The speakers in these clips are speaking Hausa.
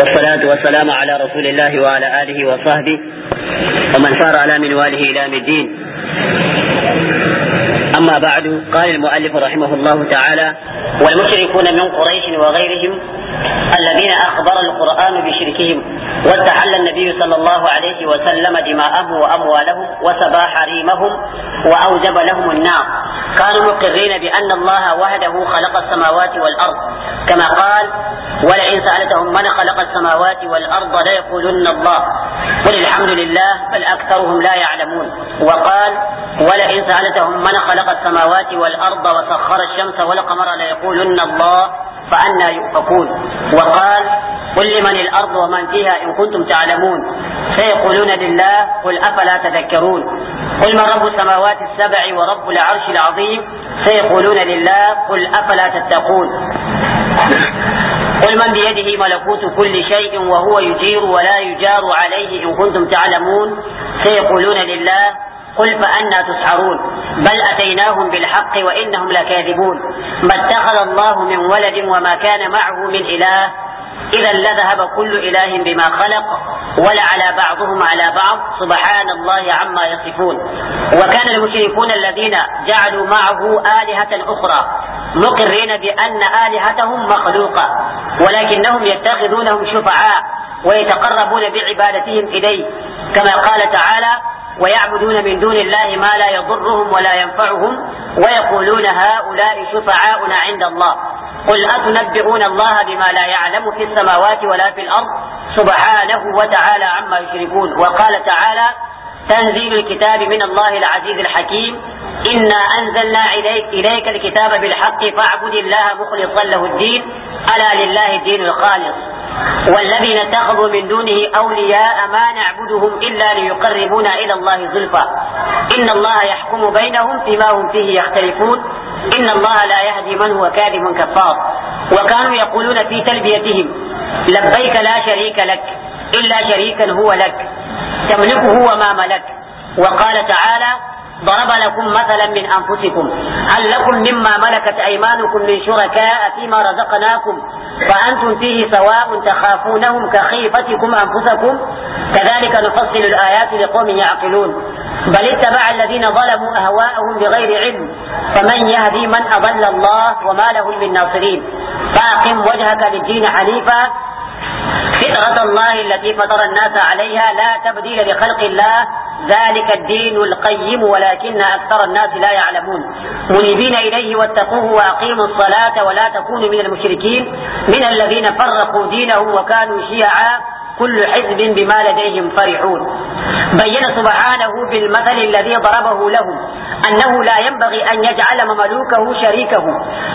والصلاة والسلام على رسول الله وعلى آله وصحبه ومن سار على منواله إلى الدين أما بعد قال المؤلف رحمه الله تعالى والمشركون من قريش وغيرهم الذين أخبر القرآن بشركهم واستحل النبي صلى الله عليه وسلم دماءه وأمواله وسبى حريمهم وأوجب لهم النار كانوا مقرين بأن الله وحده خلق السماوات والأرض كما قال ولئن سألتهم من خلق السماوات والأرض ليقولن الله قل الحمد لله بل أكثرهم لا يعلمون وقال ولئن سألتهم من خلق السماوات والأرض وسخر الشمس والقمر ليقولن الله فأنا يؤفكون وقال قل لمن الأرض ومن فيها إن كنتم تعلمون سيقولون لله قل أفلا تذكرون قل من رب السماوات السبع ورب العرش العظيم سيقولون لله قل أفلا تتقون قل من بيده ملكوت كل شيء وهو يجير ولا يجار عليه إن كنتم تعلمون سيقولون لله قل فأنا تسحرون بل أتيناهم بالحق وإنهم لكاذبون ما اتخذ الله من ولد وما كان معه من إله إذا لذهب كل إله بما خلق ولعلى بعضهم على بعض سبحان الله عما يصفون وكان المشركون الذين جعلوا معه آلهة أخرى مقرين بأن آلهتهم مخلوقة ولكنهم يتخذونهم شفعاء ويتقربون بعبادتهم إليه كما قال تعالى ويعبدون من دون الله ما لا يضرهم ولا ينفعهم ويقولون هؤلاء شفعاؤنا عند الله قل أتنبئون الله بما لا يعلم في السماوات ولا في الأرض سبحانه وتعالى عما يشركون وقال تعالى تنزيل الكتاب من الله العزيز الحكيم إنا أنزلنا إليك, إليك الكتاب بالحق فاعبد الله مخلصا له الدين ألا لله الدين الخالص والذين اتخذوا من دونه أولياء ما نعبدهم إلا ليقربونا إلى الله زلفى إن الله يحكم بينهم فيما هم فيه يختلفون إن الله لا يهدي من هو كاذب كفار وكانوا يقولون في تلبيتهم لبيك لا شريك لك إلا شريكا هو لك تملكه وما ملك وقال تعالى ضرب لكم مثلا من أنفسكم هل لكم مما ملكت أيمانكم من شركاء فيما رزقناكم فأنتم فيه سواء تخافونهم كخيفتكم أنفسكم كذلك نفصل الآيات لقوم يعقلون بل اتبع الذين ظلموا أهواءهم بغير علم فمن يهدي من أضل الله وما لهم من ناصرين فأقم وجهك للدين حنيفا فطرة الله التي فطر الناس عليها لا تبديل لخلق الله ذلك الدين القيم ولكن أكثر الناس لا يعلمون منيبين إليه واتقوه وأقيموا الصلاة ولا تكونوا من المشركين من الذين فرقوا دينهم وكانوا شيعا كل حزب بما لديهم فرحون بين سبحانه بالمثل الذي ضربه لهم أنه لا ينبغي أن يجعل مملوكه شريكه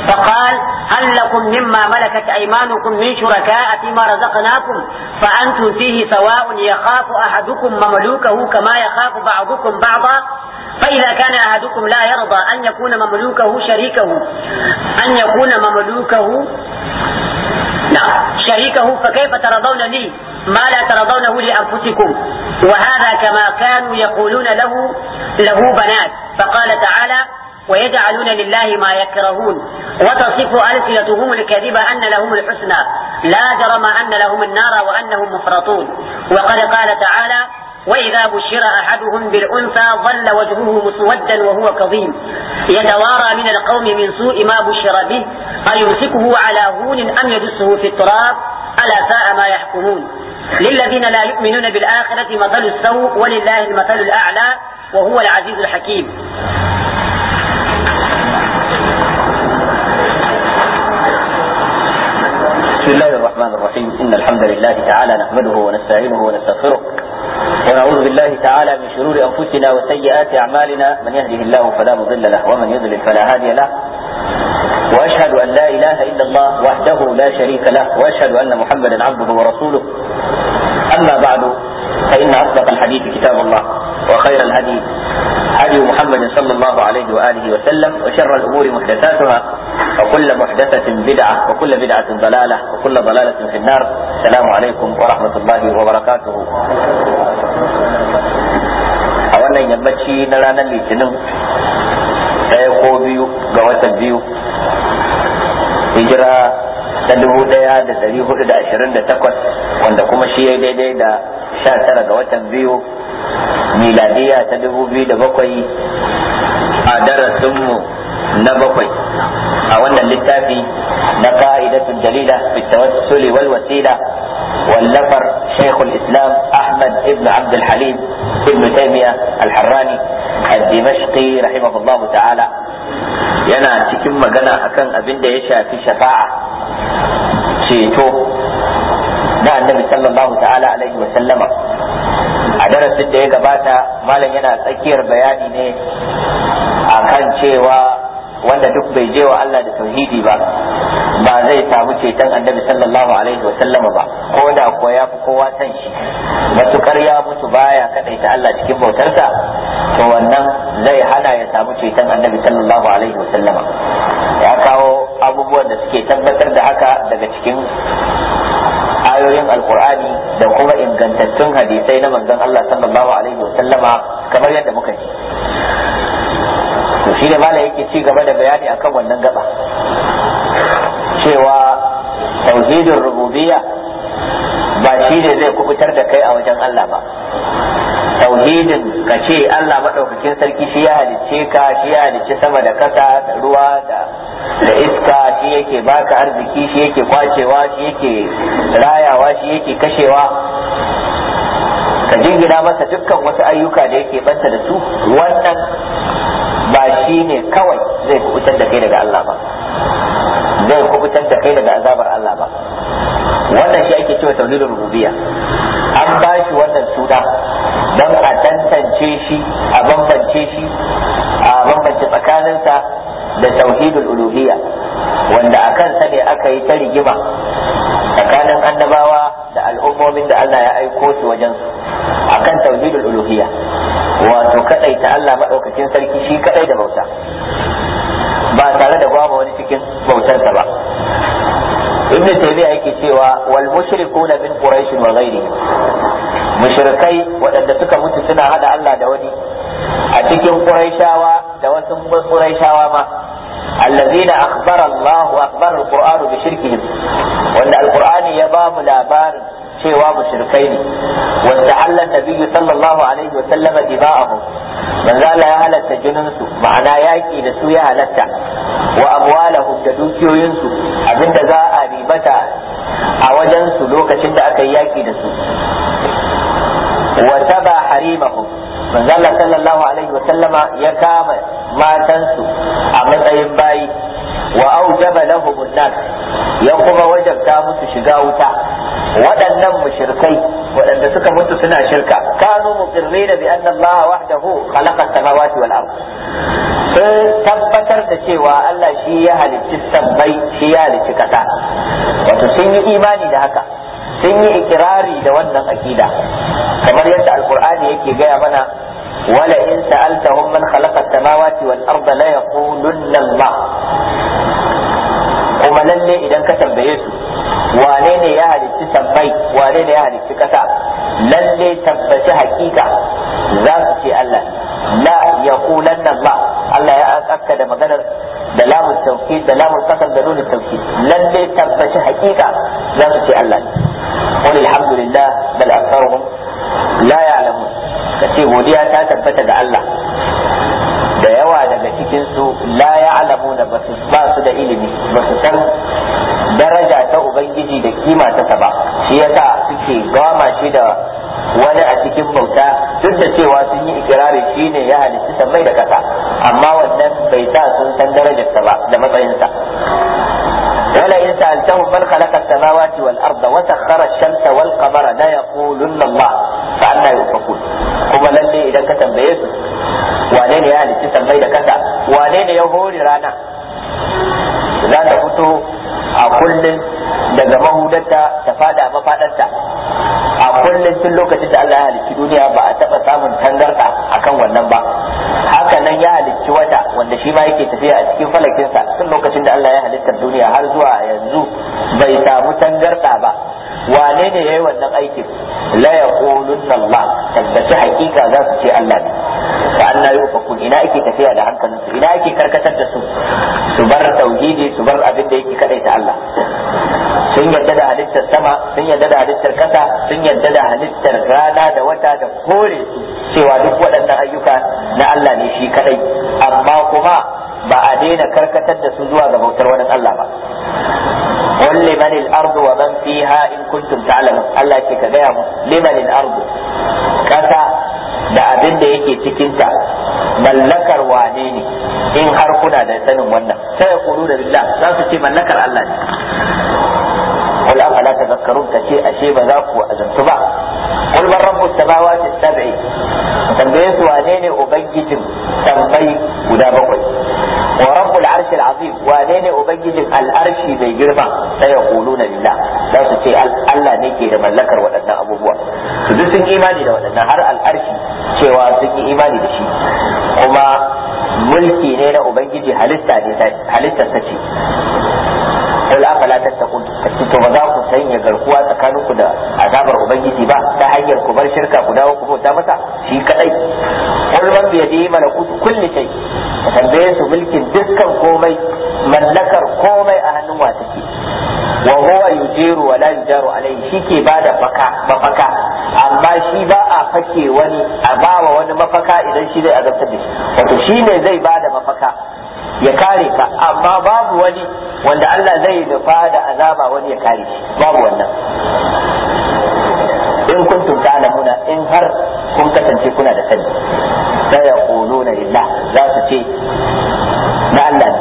فقال هل لكم مما ملكت أيمانكم من شركاء فيما رزقناكم فأنتم فيه سواء يخاف أحدكم مملوكه كما يخاف بعضكم بعضا فإذا كان أحدكم لا يرضى أن يكون مملوكه شريكه أن يكون مملوكه نعم. شريكه فكيف ترضون لي ما لا ترضونه لأنفسكم وهذا كما كانوا يقولون له له بنات فقال تعالى ويجعلون لله ما يكرهون وتصف ألسنتهم الكذب أن لهم الحسنى لا جرم أن لهم النار وأنهم مفرطون وقد قال تعالى وإذا بشر أحدهم بالأنثى ظل وجهه مسودا وهو كظيم يتوارى من القوم من سوء ما بشر به أيمسكه على هون أم يدسه في التراب ألا ساء ما يحكمون للذين لا يؤمنون بالآخرة مثل السوء ولله المثل الأعلى وهو العزيز الحكيم بسم الله الرحمن الرحيم إن الحمد لله تعالى نحمده ونستعينه ونستغفره ونعوذ بالله تعالى من شرور انفسنا وسيئات اعمالنا من يهده الله فلا مضل له ومن يضلل فلا هادي له واشهد ان لا اله الا الله وحده لا شريك له واشهد ان محمدا عبده ورسوله اما بعد فان اصدق الحديث كتاب الله وخير الهدي هدي محمد صلى الله عليه واله وسلم وشر الامور محدثاتها وكل محدثه بدعه وكل بدعه ضلاله وكل ضلاله في النار السلام عليكم ورحمة الله وبركاته a wannan yammaci na ranar litinin ɗaya ko biyu ga watan biyu hijira ta dubu ɗaya da ɗari hudu da ashirin da takwas wanda kuma shi ya daidai da sha tara ga watan biyu miladiya ta dubu biyu da bakwai a darasinmu na bakwai a wannan littafi na ka'idatul dalila fi tawassul wal wasila wallafar shaykh islam ahmad ibn abd al halim ibn taymiya al harrani al dimashqi rahimahullah ta'ala yana cikin magana akan abin da ya shafi shafa'a ceto da annabi sallallahu ta'ala alaihi wa sallama a darasin da ya gabata malam yana tsakiyar bayani ne akan cewa wanda duk bai je wa Allah da tauhidi ba ba zai samu ceton annabi sallallahu alaihi wa sallama ba ko da ko ya fi kowa san shi matukar ya mutu baya kadaita Allah cikin bautarsa to wannan zai hana ya samu ceton annabi sallallahu alaihi wa sallama ya kawo abubuwan da suke tabbatar da haka daga cikin ayoyin alkur'ani da kuma ingantattun hadisai na manzon Allah sallallahu alaihi wa sallama kamar yadda muka ji to shi da mala yake ci gaba da bayani akan wannan gaba cewa tauhidin rububiyya ba shi ne zai kubutar da kai a wajen Allah ba tauhidin ka ce Allah maɗaukakin sarki shi ya halicce ka shi ya halicce sama da kasa da ruwa da da iska shi yake baka arziki shi yake kwacewa shi yake rayawa shi yake kashewa ka jingina masa dukkan wasu ayyuka da yake banta da su wannan ba shi ne kawai zai kubutar da kai daga Allah ba zai kubutar da kai daga azabar Allah ba wannan shi ake cewa tauhidul rububiyya an ba shi wannan suna don a tantance shi a bambance shi a bambance tsakaninsa da tauhidul uluhiyya wanda a kansa ne aka yi ta rigima tsakanin annabawa da al'ummomin da Allah ya aiko su wajen su akan tauhidul uluhiyya wato kadai ta Allah madaukakin sarki shi kadai da bauta ba tare da babu wani cikin bautarsa ba ibn taymiya yake cewa wal mushrikuna min quraish wa ghayrihim mushrikai waɗanda suka mutu suna hada Allah da wani a cikin quraishawa da wasu quraishawa ma الذين أخبر الله أخبر القرآن بشركهم وأن القرآن يبام لابارد cewa mushrikai ne wanda Allah nabiyyu sallallahu alaihi wa sallama manzo Allah ya halatta jinin su ma'ana yaki da su ya halatta wa amwalahum da dukiyoyin su abinda za a ribata a wajen su lokacin da aka yi yaki da su wa taba harimahum manzo Allah sallallahu alaihi wa sallama ya kama matansu a matsayin bayi wa aujaba lahum nas ya kuma wajabta musu shiga wuta waɗannan mushrikai waɗanda suka mutu suna shirka kanu muqirrina bi anna Allah wahdahu khalaqa samawati wal ard sun tabbatar da cewa Allah shi ya halicci sabbai shi ya halicci kasa wato sun yi imani da haka sun yi ikirari da wannan aqida kamar yadda alqur'ani yake gaya mana wala in sa'altahum man khalaqa samawati wal arda la yaqulunna Allah kuma lalle idan ka tambaye su wane ne ya halicci sammai wane ne ya halicci kasa lalle tabbaci hakika za su ce Allah la ya nan ba Allah ya aka da maganar da lamun tauhid da lamun kasar da nunin tauhid lalle tabbaci hakika za su ce Allah wani alhamdulillah bal aktharuhum la ya'lamun kace godiya ta tabbata ga Allah da yawa daga cikin su la ya'lamu da ba su da ilimi ba su san daraja ta ubangiji da kima ta ba shi yasa suke gama shi da wani a cikin bauta duk da cewa sun yi ikirari shi ne ya halitta sammai da kasa amma wannan bai sa sun san darajarsa ba da matsayinsa wala in sa'altahum man khalaqa as-samawati wal arda wa sakhkhara ash-shamsa wal qamara la yaqulunna Allah fa anna yufakun kuma lalle idan ka tambaye su wane ne ya halitta sammai da kasa wane ne ya hori rana za ta fito a kullum daga mahudarta ta fada mafadarta a kullum tun lokacin da Allah ya halicci duniya ba a taba samun tangarda akan wannan ba an ya halicci wata wanda shi ma yake tafiya a cikin falakinsa tun lokacin da Allah ya halitta duniya har zuwa yanzu bai samu tangarda ba wane ne yayi wannan aikin la yaqulunna Allah tabbaci hakika za su ce Allah ne fa anna yufakun ina ake tafiya da hankalin su ina ake karkatar da su su bar tauhidi su bar abin da yake kadaita Allah sun yadda da halittar sama sun yadda da halittar kasa sun yarda da halittar rana da wata da kore su cewa duk waɗannan ayyuka na Allah ne shi kadai amma kuma ba a daina karkatar da su zuwa ga bautar wani Allah ba قل لمن الأرض ومن فيها إن كنتم تعلمون الله gaya mu لمن الأرض كذا da abinda da yake cikinta mallakar wane ne in har kuna da sanin wannan sai ya kuru da billah za su ce mallakar Allah ne wala afala tazakkarun ta ce ashe ba za ku azantu ba قل من رب السماوات السبع tambaye su wane ne ubangijin tambayi guda bakwai wa rabbul arshil wane ne ubangijin al'arshi mai girma sai ya kulu na lillah za su ce Allah ne ke da mallakar waɗannan abubuwa su duk sun imani da waɗannan har al'arshi cewa sun yi imani da shi kuma mulki ne na ubangiji halitta ne قل أفلا to ba za ku sanya garkuwa tsakanin ku da azabar ubangiji ba ta hanyar ku bar shirka ku dawo ku bauta masa shi kadai wani ban biya da malakutu kulli shay ka tambaye su mulkin dukkan komai mallakar komai a hannun wa take wa huwa yujiru wa la yujaru shike bada baka mafaka amma shi ba a fake wani a bawa wani mafaka idan shi zai azabtar da shi wato shi ne zai bada mafaka ya kare ka amma babu wani wanda Allah zai nufa da azaba wani ya kare shi babu wannan in kuntum ta'lamuna in har kun kasance kuna da sani sai ya quluna lillah za su ce na Allah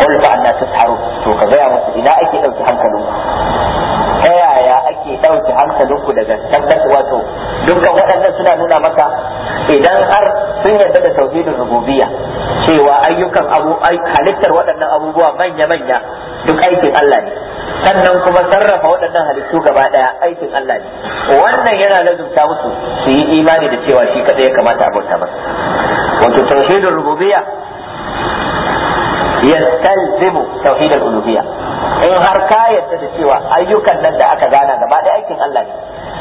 ne qul anna tasharu to ka ga musu ina ake dauki hankalinku ɗauki hankalinku daga tabbat wato dukkan waɗannan suna nuna maka idan har sun yarda da tauhidin rububiyya cewa ayyukan abu halittar waɗannan abubuwa manya-manya duk aikin Allah ne sannan kuma sarrafa waɗannan halittu gaba ɗaya aikin Allah ne wannan yana lazumta musu su yi imani da cewa shi kaɗai ya kamata a bauta masa wato tauhidin rububiyya yastalzimu tauhidul uluhiyya in har ka yadda da cewa ayyukan nan da aka gana gaba da aikin Allah ne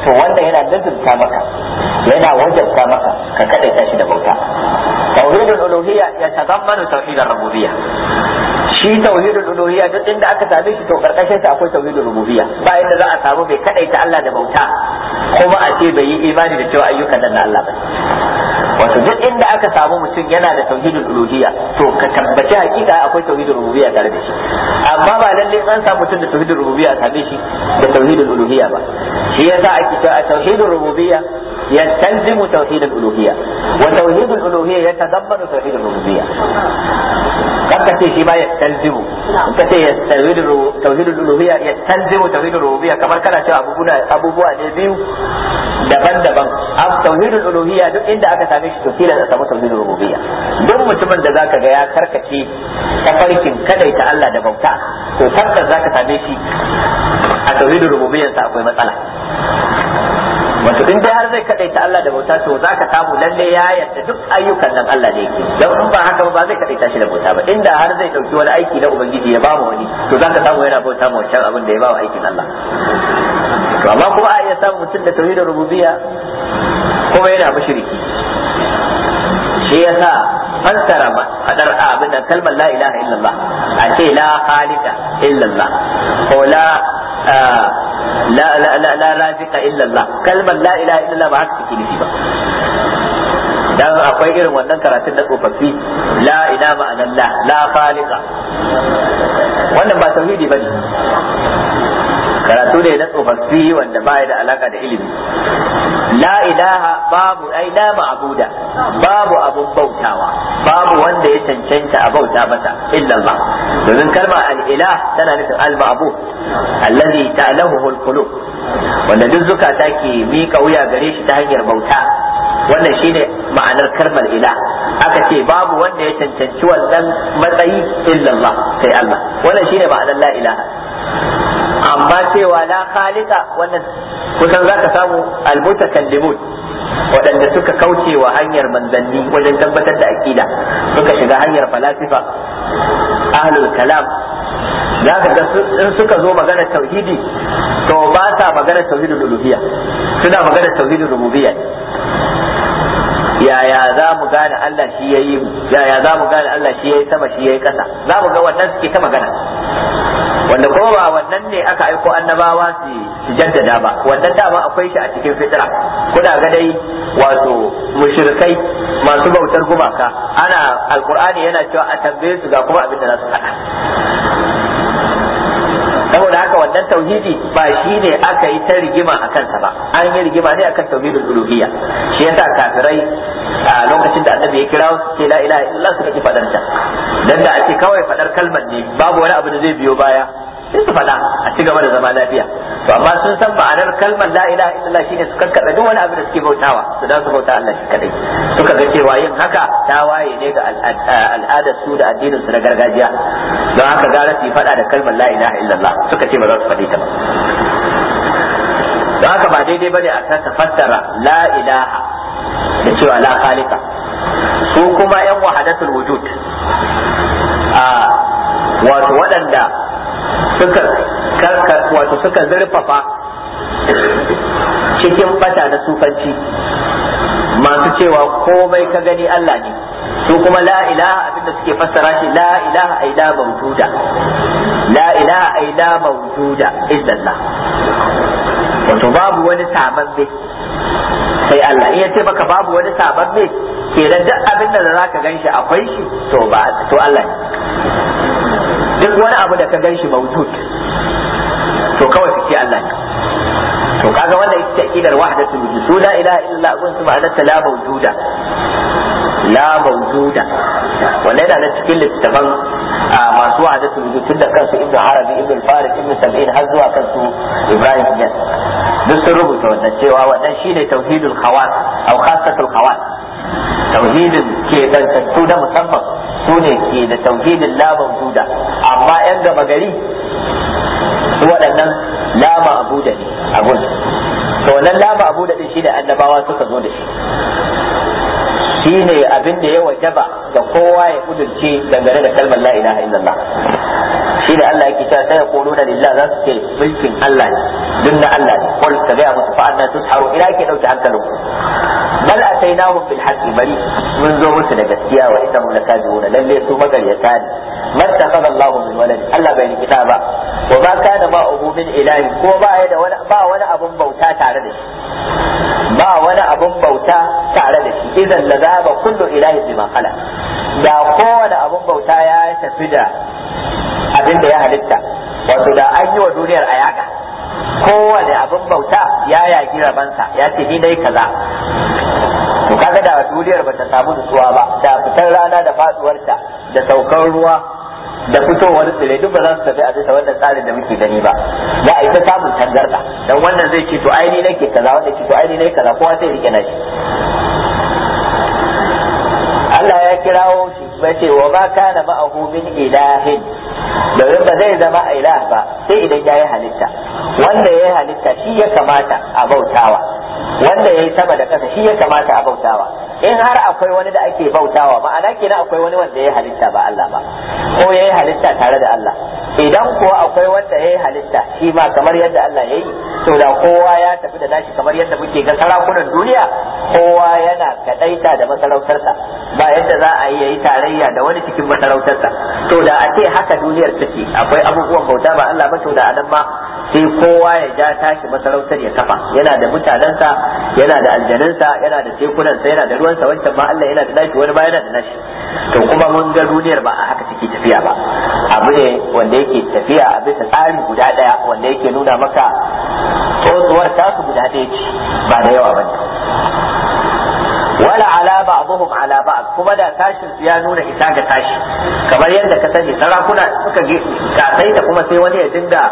to wanda yana nazarta maka yana wajabta maka ka kadaita shi da bauta tauhidul uluhiyya ya tadammanu tauhidar rububiyya shi tauhidul uluhiyya duk inda aka same shi to karkashin sa akwai tauhidul rububiyya ba da za a samu bai ta Allah da bauta kuma a ce bai yi imani da cewa ayyukan nan Allah ba wato duk inda aka samu mutum yana da tauhidul uluhiyya to ka tabbaci hakika akwai tauhidul rububiyya tare da shi amma ba lalle an samu mutum da tauhidul rububiyya a same shi da tauhidul uluhiyya ba shi yasa ake cewa tauhidul rububiyya يستلزم توحيد الألوهية وتوحيد الألوهية يتضمن توحيد الربوبية قد تأتي فيما يستلزم قد توحيد توحيد الألوهية يستلزم توحيد الربوبية كما كان شيء أبو بنا أبو بوا نبيو دبن دبن أب توحيد الألوهية دو إن أكا ساميش تسيلا تسمى توحيد الربوبية دو متمن ذاك يا كركتي تفركين كده يتألى دبوتا to tabbas zaka same shi a tauhidin rububiyyarsa akwai matsala wato in dai har zai kadaita Allah da bauta to zaka samu lalle ya yarda duk ayyukan nan Allah ne yake dan in ba haka ba zai kadaita shi da bauta ba inda har zai dauki wani aiki na ubangiji ya ba mu wani to zaka samu yana bauta ma wancan abin da ya ba wa aikin Allah to amma kuma a iya samu mutum da tauhidin rububiyya kuma yana mushriki shi yasa fassara fadar abin da kalmar la ilaha illallah a ce la khaliqa illallah ko la ah, la la illallah la kalmar la ilaha illa ba haka nufi ba dan akwai irin wannan karatun na tsofaffi la ila ma'anan la la khaliqa wannan ba tauhidi bane karatu ne na tsofaffi wanda ba da alaka da ilimi la ilaha babu ai la ma'buda babu abun bautawa babu wanda ya cancanta a bauta masa illa Allah domin kalma al-ilah tana nufin al-ma'bud allazi ta'lamuhu al-qulub wanda duk zukata ke mika wuya gare shi ta hanyar bauta wannan shine ma'anar kalmar ilah aka ce babu wanda ya cancanci wannan matsayi illa Allah sai Allah wannan shine ma'anar la ilaha amma cewa la khalida wannan kusan zaka samu almutakallimun waɗanda suka kauce wa hanyar manzanni wajen tabbatar da aqida suka shiga hanyar falasifa ahlul kalam za ka ga in suka zo magana tauhidi to ba sa magana tauhidul uluhiyya suna magana tauhidul rububiyya yaya za mu gane Allah shi yayi mu yaya za mu gane Allah shi yayi sama shi yayi ƙasa za mu ga wannan suke ta magana wanda ko ba wannan ne aka aiko annabawa su su jaddada ba wannan dama akwai shi a cikin fitira kuna ga dai wato mushrikai masu bautar gumaka ana alqur'ani yana cewa a tambaye su ga kuma abin da na su faɗa saboda haka wannan tauhidi ba shi ne aka yi ta rigima a kansa ba an yi rigima ne a kan Tauhidin uluhiyya shi yasa kafirai a lokacin da annabi ya kira su ce la ilaha illallah suka ki fadar ta dan da ake kawai faɗar kalmar ne babu wani abu da zai biyo baya sai su faɗa a ci gaba da zama lafiya to amma sun san ma'anar kalmar la ilaha illallah shine su kankada duk wani abu da suke bautawa su dan su bauta Allah shi kadai suka ga cewa yin haka ta waye ne ga al'adar su da addinin su na gargajiya don haka gara su faɗa da kalmar la ilaha illallah suka ce ba za su faɗi ta ba don haka ba daidai bane a ta fassara la ilaha da cewa la khaliqa su kuma yan wahadatul wujud a wato waɗanda suka wato suka zurfafa cikin fata na sufanci masu cewa komai ka gani Allah ne su kuma la ilaha abinda suke fassara shi la ilaha ai la mawjuda la ilaha ai la mawjuda illallah wato babu wani ne sai Allah in yace maka babu wani sababbe kenan duk abinda da zaka ganshi akwai shi to ba to Allah ne duk wani abu da ka gan shi mawjud to kawai ka ce Allah to kaga wannan ita aqidar wahdatul wujud la ilaha illa Allah wa ma'anata la mawjuda la mawjuda wannan yana cikin littafan masu wahdatul wujud tun da kansu ibnu arabi ibnu farid ibnu sab'in har zuwa kansu ibrahim bin duk sun rubuta wannan cewa wannan shine tauhidul khawas aw khassatul khawas tauhidin ke dantattu da musamman su ne ke da tauhidin laban buda amma yan gama gari waɗannan lama abuda ne a to wannan lama abuda din shi da annabawa suka zo da shi shine abin da ya wajaba ga kowa ya kudurce dangane da kalmar la ilaha illallah shi ne Allah yake cewa sai ya kono da lillah za su ce mulkin Allah ne duk na Allah ne kul ka ga musu fa anna tusharu ila yake dauke hankalin ku. bal atainahum bil haqqi bari mun zo musu da gaskiya wa idan mun kaji wala lalle su magaryata ne mattakhadha Allahu min walad Allah bai rikita ba wa ma kana ba ubu min ilahi ko ba ya da wani ba wani abun bauta tare da shi ba wani abun bauta tare da shi idan la za zahaba kullu ilahi bima khala da kowane abun bauta ya tafi da abin da ya halitta wato da an yi wa duniyar a ayaka kowane abin bauta ya yaki rabansa ya ce ni dai kaza to kaga da duniyar bata samu nutsuwa ba da fitar rana da faduwarta da saukar ruwa da fitowar tsire duk ba za su tafi a bisa wannan tsarin da muke gani ba za a yi ta samun tangarda dan wannan zai ce to aini nake kaza wanda ce to aini nake kaza kowa zai rike nashi Allah ya kirawo shi ce wa ma kana ma'ahu min ilahin domin ba zai zama a ilah ba sai idan ya yi halitta wanda ya yi halitta shi ya kamata a bautawa wanda ya yi sama da ƙasa shi ya kamata a bautawa in har akwai wani da ake bautawa ma'ana kenan akwai wani wanda ya yi halitta ba Allah ba ko ya yi halitta tare da Allah idan kuwa akwai wanda ya yi halitta shi ma kamar yadda Allah ya yi to da kowa ya tafi da nashi kamar yadda muke ga sarakunan duniya kowa yana kadaita da masarautarsa ba yadda za a yi yayi tarayya da wani cikin masarautarsa to da a ce haka duniyar take akwai abubuwan bauta ba Allah ba to da adam ba sai kowa ya ja tashi masarautar ya kafa yana da mutanensa yana da aljanansa yana da tekunansa yana da ruwansa wancan ma Allah yana da nashi wani ba yana da nashi to kuma mun ga duniyar ba a haka take tafiya ba abu ne wanda yake tafiya a bisa tsari guda daya wanda yake nuna maka tsotsuwar tasu guda daya ce ba da yawa ba wala ala ba'dhum ala ba'd kuma da tashin su ya nuna isa ga tashi kamar yadda ka sani sarakuna suka ga sai da kuma sai wani ya dinga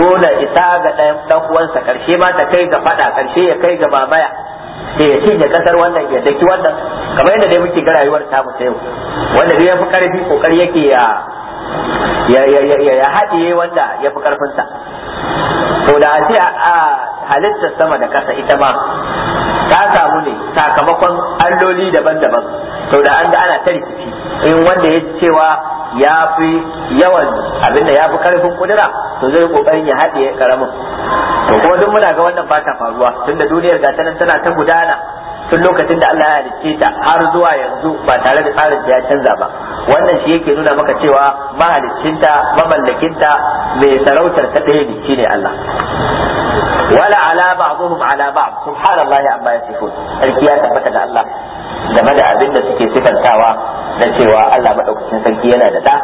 nuna isa ga dan uwansa karshe ma ta kai ga fada karshe ya kai ga mamaya sai eh, ya cinye kasar wannan ya daki wannan kamar yadda dai muke ga rayuwar ta mu yau wanda dai ya fi karfi kokari yake ya ya haɗiye wanda ya fi ƙarfinsa to da a ce halittar sama da ƙasa ita ma ta samu ne sakamakon alloli daban-daban to da an ga ana ta rikici in wanda ya cewa ya fi yawan abinda ya fi ƙarfin kudura to zai ƙoƙarin ya haɗiye ƙaramin to kuma duk muna ga wannan ba ta faruwa tunda duniyar gata tana ta gudana tun lokacin da Allah ya halicce ta har zuwa yanzu ba tare da tsarin ya canza ba wannan shi yake nuna maka cewa mahaliccinta mamallakinta mai sarautar ta ɗaya ne shine Allah wala ala ba'dhum ala ba'd subhanallahi amma yasifun sarki ya tabbata da Allah game da abin da suke sifantawa na cewa Allah Maɗaukacin sarki yana da ɗa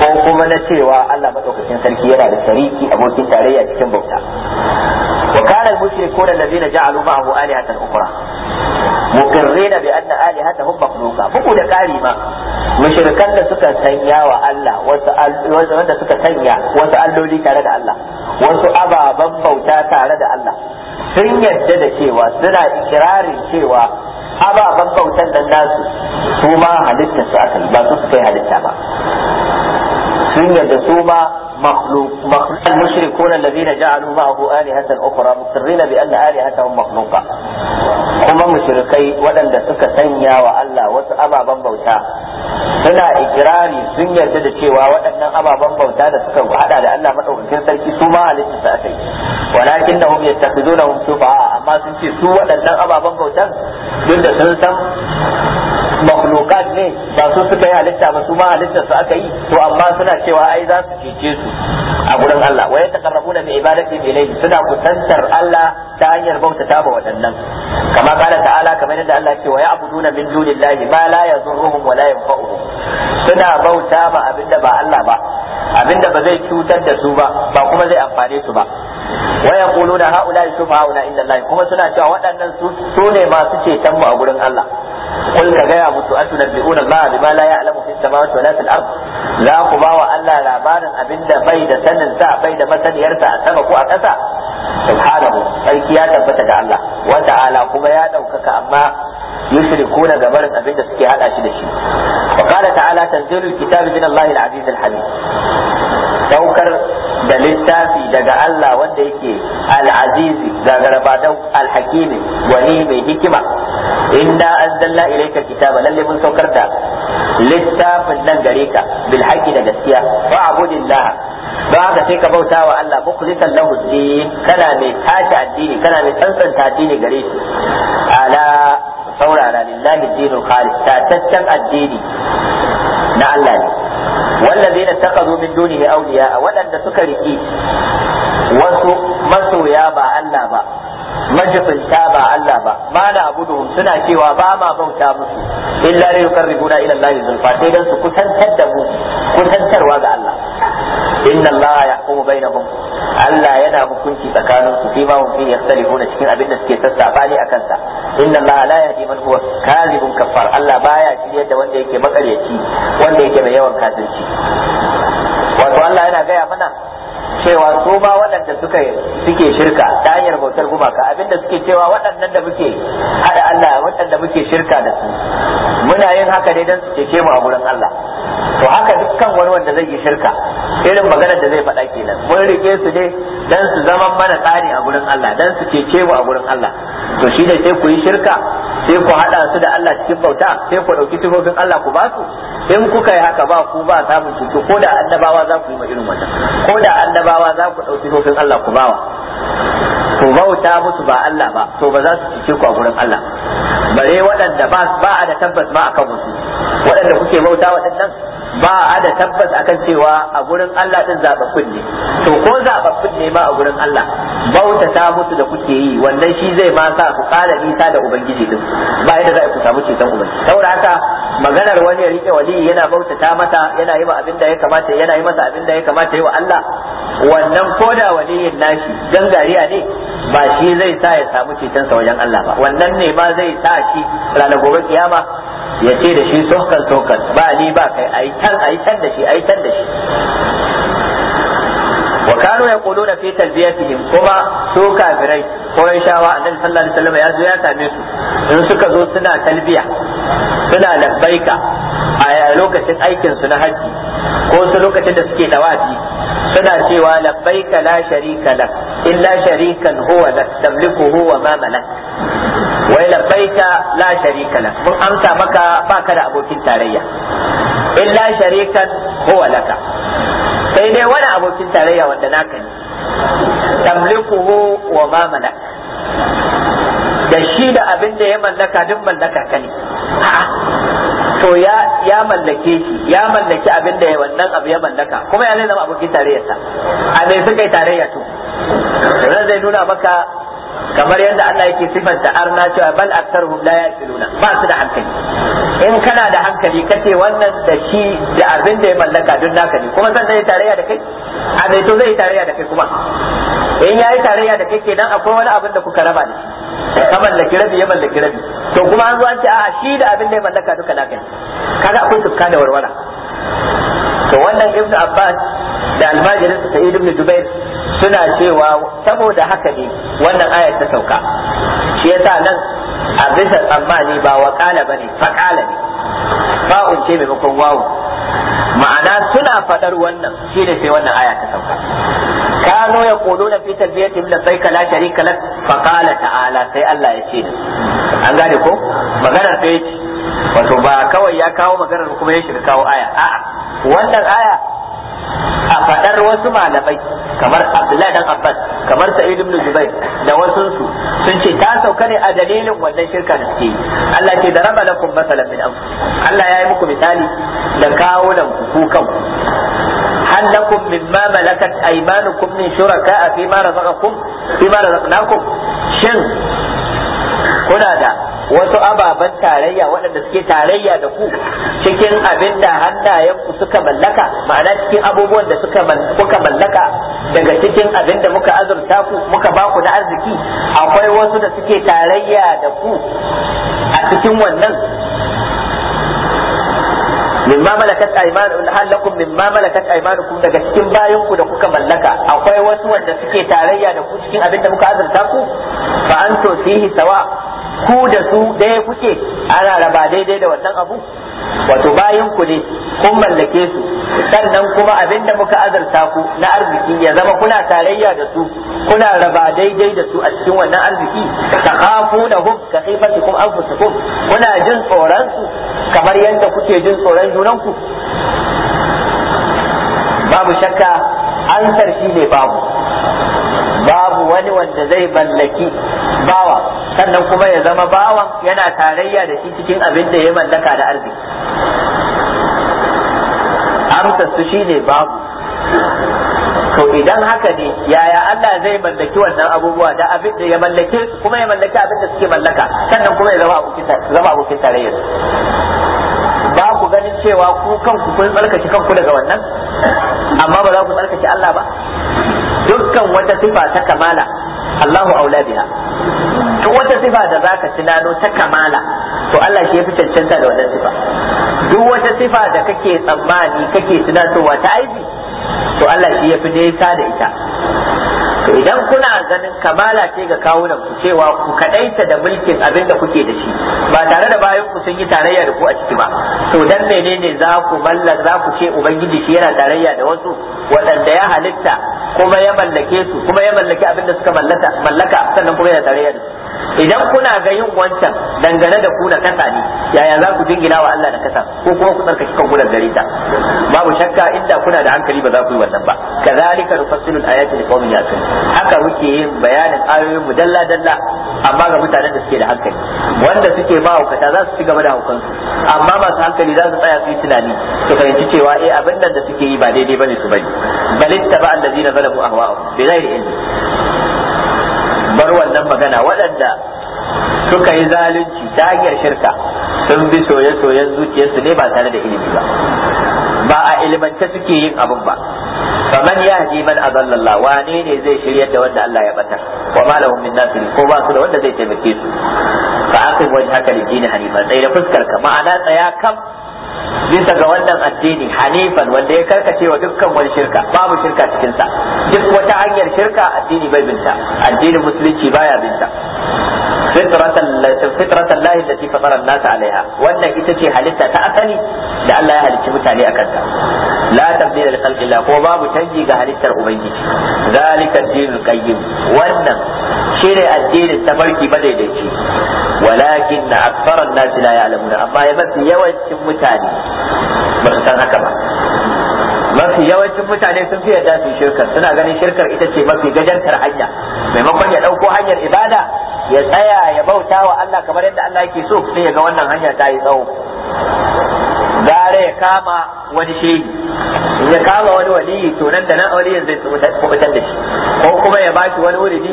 ko kuma na cewa Allah Maɗaukacin sarki yana da shariki abokin tarayya cikin bauta wa kana al-mushrikuna alladhina ja'alu ma'ahu alihatan ukhra مقرين بأن آلهتهم مخلوقة buku da ƙari ma mushrikan da suka sanya wa Allah wasu wanda suka sanya wasu alloli tare da Allah wasu ababen bauta tare da Allah sun yadda da cewa suna ikirarin cewa ababen bautan nan nasu su ma halitta su aka ba su kai halitta ba sun yadda su ma المشركون الذين جعلوا معه آلهة أخرى مقرين بأن آلهتهم مخلوقة kuma mushrikai waɗanda suka sanya wa Allah wasu ababen bauta suna ikirari sun yarda da cewa waɗannan ababen bauta da suka hada da Allah madaukakin sarki su ma halitta sa kai walakin da hum na hum shufa'a amma sun ce su waɗannan ababen bautan duk da sun san makhluqat ne ba su suka yi halitta ba su ma halitta su aka yi to amma suna cewa ai za su cece su a gurin Allah wa yataqarrabuna bi ibadati ilayhi suna kusantar Allah ta hanyar bautata ba waɗannan kama kala ta'ala kamar yadda Allah ce wa ya'buduna min dunillahi ma la yadurruhum wa la uku suna bauta ma abinda ba Allah ba abinda ba zai cutar da su ba ba kuma zai amfane su ba kulu yaquluna haula haula inda Allah kuma suna cewa waɗannan su ne masu cetonmu a gurin Allah kul ka gaya musu atunabbi'una Allah ma la alamu fis samawati la fil ard za ku ba wa Allah labarin abinda bai da sanin sa bai da masaniyar sa a sama ko a ƙasa subhanahu sarki ya tabbata da Allah wa ta'ala kuma ya ɗaukaka amma yushrikuna ga barin abinda suke hada shi da shi wa ta'ala tanzilul kitabi min Allah al-aziz al-halim daukar da littafi daga Allah wanda yake al-aziz gagarabadau al-hakim wani mai hikima inna anzalna ilayka kitaba lalle mun saukar da littafin nan gare ka bil da gaskiya wa abudillah ba haka sai ka bauta wa Allah mukhlisan lahu din kana mai tace addini kana mai tsantsanta addini gare ala saurara lillahi dinul khalis tataccen addini na Allah ne Wannan wallazina taqadu min dunihi awliya waɗanda suka riki wasu masoya ba Allah ba majibinta ba Allah ba Ba na gudu suna cewa ba ma bauta musu illa ne yuqarribuna ila Allah zulfa sai dan su kusantar da mu kusantarwa ga Allah inna Allah yahkumu bainahum Allah yana hukunci tsakanin su fi ma hum fi yastalifuna cikin abin da suke ne akan sa inna Allah la yahdi man huwa kadhibun kaffar Allah baya shiryar da wanda yake makaryaci wanda yake mai yawan kafirci wato Allah yana gaya mana cewa su ba waɗanda suka suke shirka ta hanyar bautar gumaka abinda suke cewa waɗannan da muke hada Allah waɗanda muke shirka da su muna yin haka ne don su ce mu a wurin Allah to haka dukkan wani wanda zai yi shirka irin maganar da zai faɗa kenan mun rike su ne dan su zama mana tsari a gurin Allah dan su cece mu a gurin Allah to shi ne sai ku yi shirka sai ku haɗa su da Allah cikin bauta sai ku ɗauki sifofin Allah ku ba su in kuka yi haka ba ku ba samun cuto ko da annabawa za ku yi irin wannan ko da annabawa za ku dauki sifofin Allah ku bawa to bauta musu ba Allah ba to ba za su cike ku a gurin Allah bare waɗanda ba a da tabbas ba kan wasu waɗanda kuke bauta waɗannan ba a da tabbas akan cewa a gurin Allah din zababbun ne to ko zababbun ne ma a gurin Allah bauta ta musu da kuke yi wannan shi zai ma sa ku kala nisa da ubangiji din ba yadda za ku samu ceton ubangiji saboda haka maganar wani ya rike wali yana bauta ta mata yana yi abin da ya kamata yana yi masa abin da ya kamata yi wa Allah wannan ko koda waliyin nashi gangariya ne ba shi zai sa ya samu cetonsa wajen Allah ba wannan ne ma zai sa shi ranar gobe kiyama ya ce da shi sokan sokan ba ni ba kai ai can a yi can da shi a yi can da shi wa kanu yaquluna fi talbiyatihim kuma su kafirai Qurayshawa annabi sallallahu alaihi wasallam ya zo ya same su in suka zo suna talbiya suna labbaika a lokacin aikin su na haji ko su lokacin da suke dawafi suna cewa labbaika la sharika lak illa sharikan huwa lak tamlikuhu wa ma malak wai labbaika la sharika lak mun amsa maka baka da abokin tarayya illa sharikan huwa laka sai dai wani abokin tarayya wanda naka ne tamlikuhu wa ma mala da shi da abin da ya mallaka duk mallaka ka to ya ya mallake shi ya mallaki abin da wannan abu ya mallaka kuma ya zai zama abokin tarayyarsa a mai suka yi tarayya to zai nuna maka kamar yadda Allah yake sifanta arna cewa bal aktaruhum la yaqiluna ba su da hankali in kana da hankali kace wannan da shi da abin da ya mallaka duk naka ne kuma zan yi tarayya da kai a mai to zai tarayya da kai kuma in yayi tarayya da kai kenan akwai wani abin da kuka raba da shi ka mallaki rabi ya mallaki rabi to kuma an zo an ce a shi da abin da ya mallaka duka naka ne kaga akwai tukka da warwara to wannan ibnu abbas da almajirin sa'id ibn jubair suna cewa saboda haka ne wannan ayar ta sauka shi yasa nan a bisa tsammani ba wa kala ne fa kala ne fa'un ce maimakon wawu ma'ana suna faɗar wannan shi ne sai wannan aya ta sauka kano ya kolo na fitar biyar tim da sai kala shari kala fa kala ta'ala sai Allah ya ce an gane ko maganar da yake wato ba kawai ya kawo maganar kuma ya shiga kawo aya a'a wannan aya a faɗar wasu malamai kamar Abdullahi dan Abbas kamar Sa'id ibn Jubair da wasunsu sun ce ta sauka ne a dalilin wannan shirka da suke Allah ce da raba lakum masalan min Allah ya yi muku misali da kawo da ku kanku هل malakat aymanukum min shuraka fi ma razaqakum fi ma razaqnakum shin kuna da wasu ababen tarayya waɗanda suke tarayya da ku cikin abin da hannayenku suka mallaka ma'ana cikin abubuwan da suka mallaka daga cikin abin da muka azurta ku muka ba ku na arziki akwai wasu da suke tarayya da ku a cikin wannan ma malakat aymanukum halakum ma malakat aymanukum daga cikin bayanku da kuka mallaka akwai wasu wanda suke tarayya da ku cikin abin da muka azurta ku fa antum fihi sawa ku da su ɗaya kuke ana raba daidai da wannan abu wato bayan ku ne kun mallake su sannan kuma abin da muka azarta ku na arziki ya zama kuna tarayya da su kuna raba daidai da su a cikin wannan arziki ta kafu da hum ka kaifati kum kun. kuna jin tsoron su kamar yadda kuke jin tsoron junanku. babu shakka ansar shi ne babu babu wani wanda zai mallaki bawa sannan kuma ya zama bawan yana tarayya da shi cikin abin da ya mallaka da arziki amsarsu shi ne babu to idan haka ne yaya Allah zai mallaki wannan abubuwa da abin da ya mallake su kuma ya mallaki abin da suke mallaka sannan kuma ya zama abokin tarayyar ba ku ganin cewa ku kanku kun tsarkake kanku daga wannan amma ba za ku tsarkake Allah ba dukkan wata sifa ta kamala Allahu aula biha duk wata sifa da zaka tunano ta kamala to Allah shi ya fi cancanta da wannan sifa duk wata sifa da kake tsammani kake tunatowa ta aibi to Allah shi ya fi nesa da ita to idan kuna ganin kamala ce ga kawunan ku cewa ku kadaita da mulkin abin da kuke da shi ba tare da bayan ku sun yi tarayya da ku a ciki ba to dan menene za ku mallaka za ku ce ubangiji shi yana tarayya da wasu waɗanda ya halitta kuma ya mallake su kuma ya mallaki abin da suka mallaka mallaka sannan kuma yana tarayya da su idan kuna ga yin wancan dangane da ku da kasa ne yaya za ku jingina wa Allah da kasa ko kuma ku tsarkake kan gudan gare ta babu shakka inda kuna da hankali ba za ku yi wannan ba kazalika nufassilu ayati liqaumin yaqilun haka muke yin bayanin ayoyin mudalla dalla dalla amma ga mutanen da suke da hankali wanda suke ba hukata za su ci gaba da hukun amma masu hankali za su tsaya su yi tunani su fahimci cewa eh abin nan da suke yi ba daidai bane su bane balitta ba allazina zalamu ahwa'u bi ghairi ilmi bar wannan magana waɗanda suka yi zalunci ta hanyar shirka sun bi soye-soyen zuciyarsu ne ba tare da ilimi ba ba a ilimance suke yin abin ba faman yahdi man adalla wane ne zai shiryar da wanda Allah ya batar wa ma lahum min nasir ko ba su da wanda zai taimake su fa aqim haka lid-din hanifa tsaya da fuskar ka ma'ana tsaya kam bisa ga wannan addini hanifan wanda ya karkace wa dukkan wani shirka babu shirka cikin sa duk wata hanyar shirka addini bai binta addinin musulunci baya binta fitrat Allah allati fatara tsaron nas alaiha wannan ita ce halitta ta asali da Allah ya halicci mutane a kanta la tabdila li khalqillah ko babu canji ga halittar ubangiji zalika ad qayyim wannan shi ne addinin tafarki madaidaici walakin na aksaran nasi la ya'lamuna amma ya mafi yawancin mutane ba su san haka ba mafi yawancin mutane sun fi yarda su shirkar suna ganin shirkar ita ce mafi gajartar hanya maimakon ya ɗauko hanyar ibada ya tsaya ya bauta wa Allah kamar yadda Allah yake so sai ya ga wannan hanya ta yi tsawo gara ya kama wani shehi ya kama wani waliyi to nan da nan waliyin zai kubutar da shi ko kuma ya bashi wani wuridi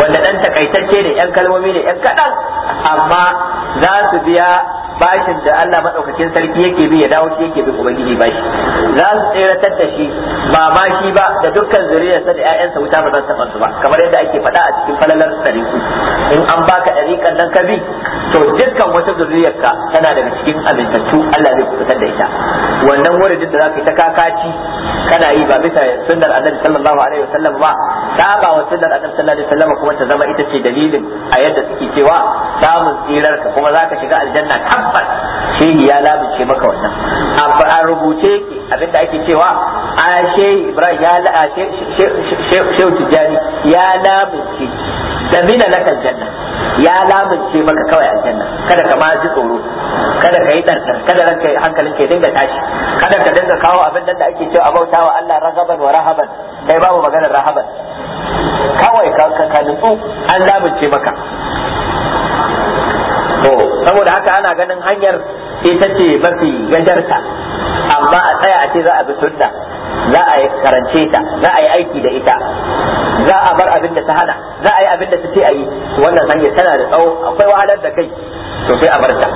wanda dan takaitacce ne yan kalmomi ne yan kadan amma za su biya bashin da Allah madaukakin sarki yake bi ya dawo shi yake bi ubangiji bashi za su tseratar da shi ba bashi ba da dukkan zuriyarsa da ƴaƴansa wuta ba za su taɓa su ba kamar yadda ake faɗa a cikin falalar ɗariku in an baka ɗariƙan nan ka bi to dukkan wata zuriyarka tana daga cikin amintattu Allah zai fitar da ita wannan wuridin da zaka yi ta kakaci kana yi ba bisa sunnar Annabi sallallahu alaihi wasallam ba saba wa sunnar Annabi sallallahu alaihi wasallam kuma ta zama ita ce dalilin a yadda suke cewa samun tsirar ka kuma zaka shiga aljanna tabbas shehi ya labice maka wannan a rubuce yake da ake cewa a shehi ibrahim ya la shehu tijjani ya da mina na aljanna ya labice maka kawai aljanna kada ka ma ji tsoro kada ka yi tsarkar kada ranka hankalin ke dinga tashi kada ka dinga kawo abin da ake cewa abauta wa Allah ragaban wa rahaban kai babu maganar rahaban kawai ka ka nutsu an labice maka to saboda haka ana ganin hanyar ita ce mafi gajarta amma a tsaya a ce za a bi sunna za a yi karance ta za a yi aiki da ita za a bar abin da ta hana za a yi abin da ta ce a yi wannan hanyar tana da tsawo akwai wahalar da kai to sai a barta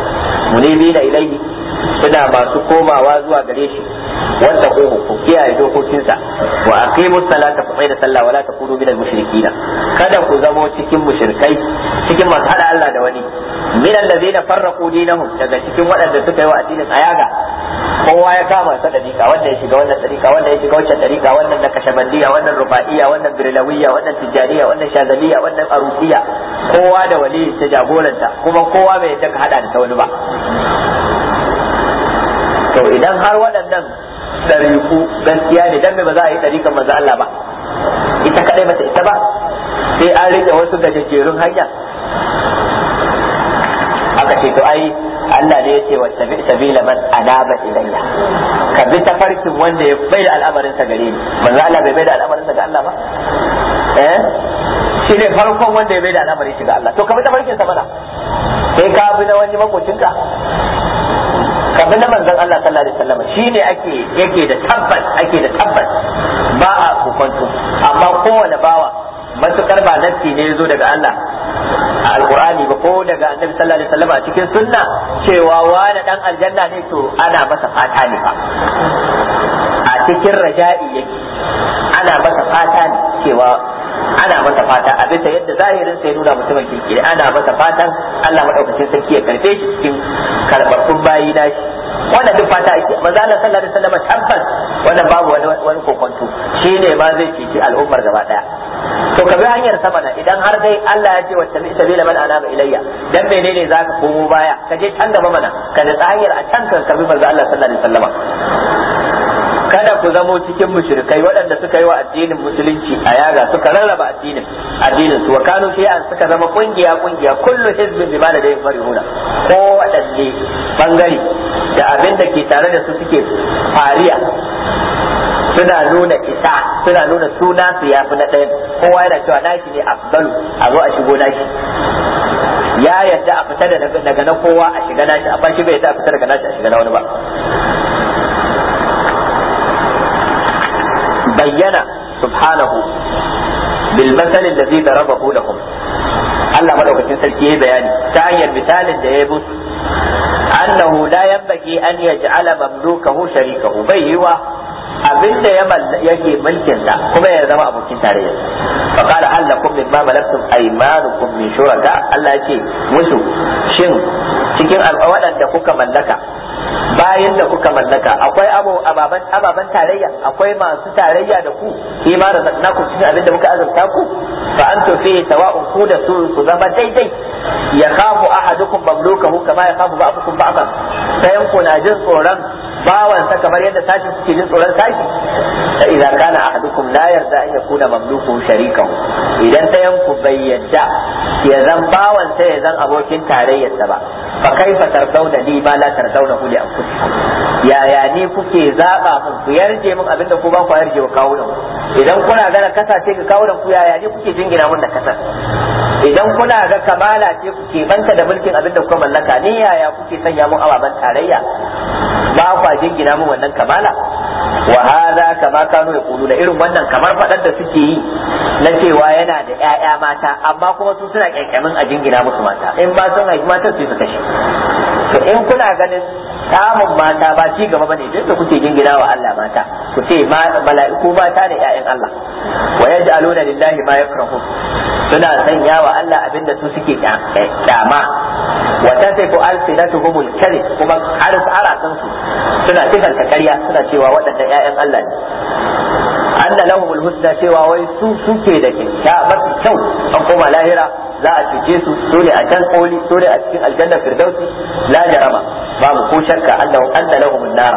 munibina ilaihi suna masu komawa zuwa gare shi wanda ko ku kiyaye dokokinsa wa aqimus salata ku da sallah wala takunu minal mushrikin kada ku zamo cikin mushrikai cikin masu hada Allah da wani min allazina farraqu dinahum daga cikin waɗanda suka yi wa addinin ayaga kowa ya kama sa dariƙa wanda ya shiga wannan dariƙa wanda ya shiga wancan dariƙa wannan na kashabandiya wannan rubaiya wannan birlawiya wannan tijjaniya wannan shazaliya wannan arusiya kowa da wali ta jagoranta kuma kowa mai yadda ka hada da ta wani ba to idan har waɗannan ɗariku gaskiya ne dan me ba za a yi ɗarikan manzo Allah ba ita kadai mata ita ba sai an rike wasu gajejjerun hanya aka ce to ai Allah ne ya ce wata bi sabila man adaba ilayya ka bi ta farkin wanda ya bai da al'amarin sa gare ni manzo Allah bai bai da al'amarin sa ga Allah ba eh shi ne farkon wanda ya bai da al'amari shiga Allah to kamar tafarkin sa mana sai ka bi na wani makocinka ka bi na manzon Allah sallallahu alaihi wasallam shi ne ake yake da tabbas ake da tabbas ba a amma kowane bawa matukar ba nafsi ne zo daga Allah a alqur'ani ba ko daga annabi sallallahu alaihi wasallam a cikin sunna cewa wani dan aljanna ne to ana masa fata ne ba a cikin raja'i yake ana masa fata ne cewa ana masa fata a bisa yadda zahirin sai nuna mutumin kirki ana masa fatan Allah madaukakin sarki ya karbe shi cikin karbarbun bayi na shi wannan duk fata ake manzo Allah sallallahu alaihi wasallam tabbas wannan babu wani wani kokonto shine ma zai cici al'ummar gaba daya to ka bi hanyar na idan har dai Allah ya ce wacce tabi sabila man anaba ilayya dan menene zaka komo baya ka je can gaba mana ka tsayar hanyar a can ka karbi manzo Allah sallallahu alaihi wasallam kada ku zamo cikin mushrikai waɗanda suka yi wa addinin musulunci a yaga suka rarraba addinin addinin su wa kanu an suka zama kungiya kungiya kullu hizbin bima da dai farihuna ko waɗanne bangare da abin da ke tare da su suke fariya suna nuna isa suna nuna suna su yafi na ɗayan kowa yana cewa nashi ne afdalu a zo a shigo nashi ya yadda a fita daga na kowa a shiga nashi a shi bai yadda a fita daga nashi a shiga na wani ba bayyana subhanahu bil masalin da zai darabahu lahum Allah madaukakin sarki ya bayani ta hanyar misalin da ya yi annahu la yanbaghi an yaj'ala mamlukahu sharikahu bai yiwa abinda yake mulkin sa kuma ya zama abokin tarayya fa qala hal lakum mimma malaktum aymanukum min shuraka Allah yake musu shin cikin waɗanda kuka mallaka bayan da kuka mallaka akwai ababen ababen tarayya akwai masu tarayya da ku shi ma da na ku cikin abin da muka azurta ku fa antum fi sawa'un ku da su ku zama daidai ya kafu ahadukum mamlukahu kama ya kafu ba'dukum ba'dan sayan ku na jin tsoron bawansa kamar yadda sashi suke jin tsoron sashi fa idza kana hadukun la yarda an yakuna mamlukuhu sharikahu idan dayan ku bai yadda ya zan bawansa ya zan abokin tarayyarsa ba fa kaifa tardawna li ma la tardawna hu li anfusikum yaya ni kuke zaba mun ku yarje mun abinda ku ba ku yarje wa kawo idan kuna gana kasa ce ka kawo ku yaya ni kuke jingina mun da kasar idan kuna ga kamala ce kuke banta da mulkin abinda kuka mallaka ne yaya kuke sanya mun ababen tarayya ba kwa jingina mu wannan kamala wa hadha kama kanu yaquluna irin wannan kamar fadar da suke yi na cewa yana da ƴaƴa mata amma kuma su suna kyakkyamin a jingina musu mata in ba sun haifi matar su su kashe to in kuna ganin samun mata ba ci gaba bane duk da kuke jingina wa Allah mata ku ce mala'iku mata ne ƴaƴan Allah wa yaj'aluna lillahi ma yakrahu suna sanya wa Allah abin da su suke kyama wa tasifu alsinatuhum al-kadhib kuma arif arasan su suna cikin ƙarya suna cewa waɗanda ƴaƴan Allah ne anna lahumul husna cewa wai su suke da kyau mafi kyau an koma lahira za a cike su su ne a can koli su ne a cikin aljanna firdausi la jarama babu ko shakka Allah anna lahum an-nar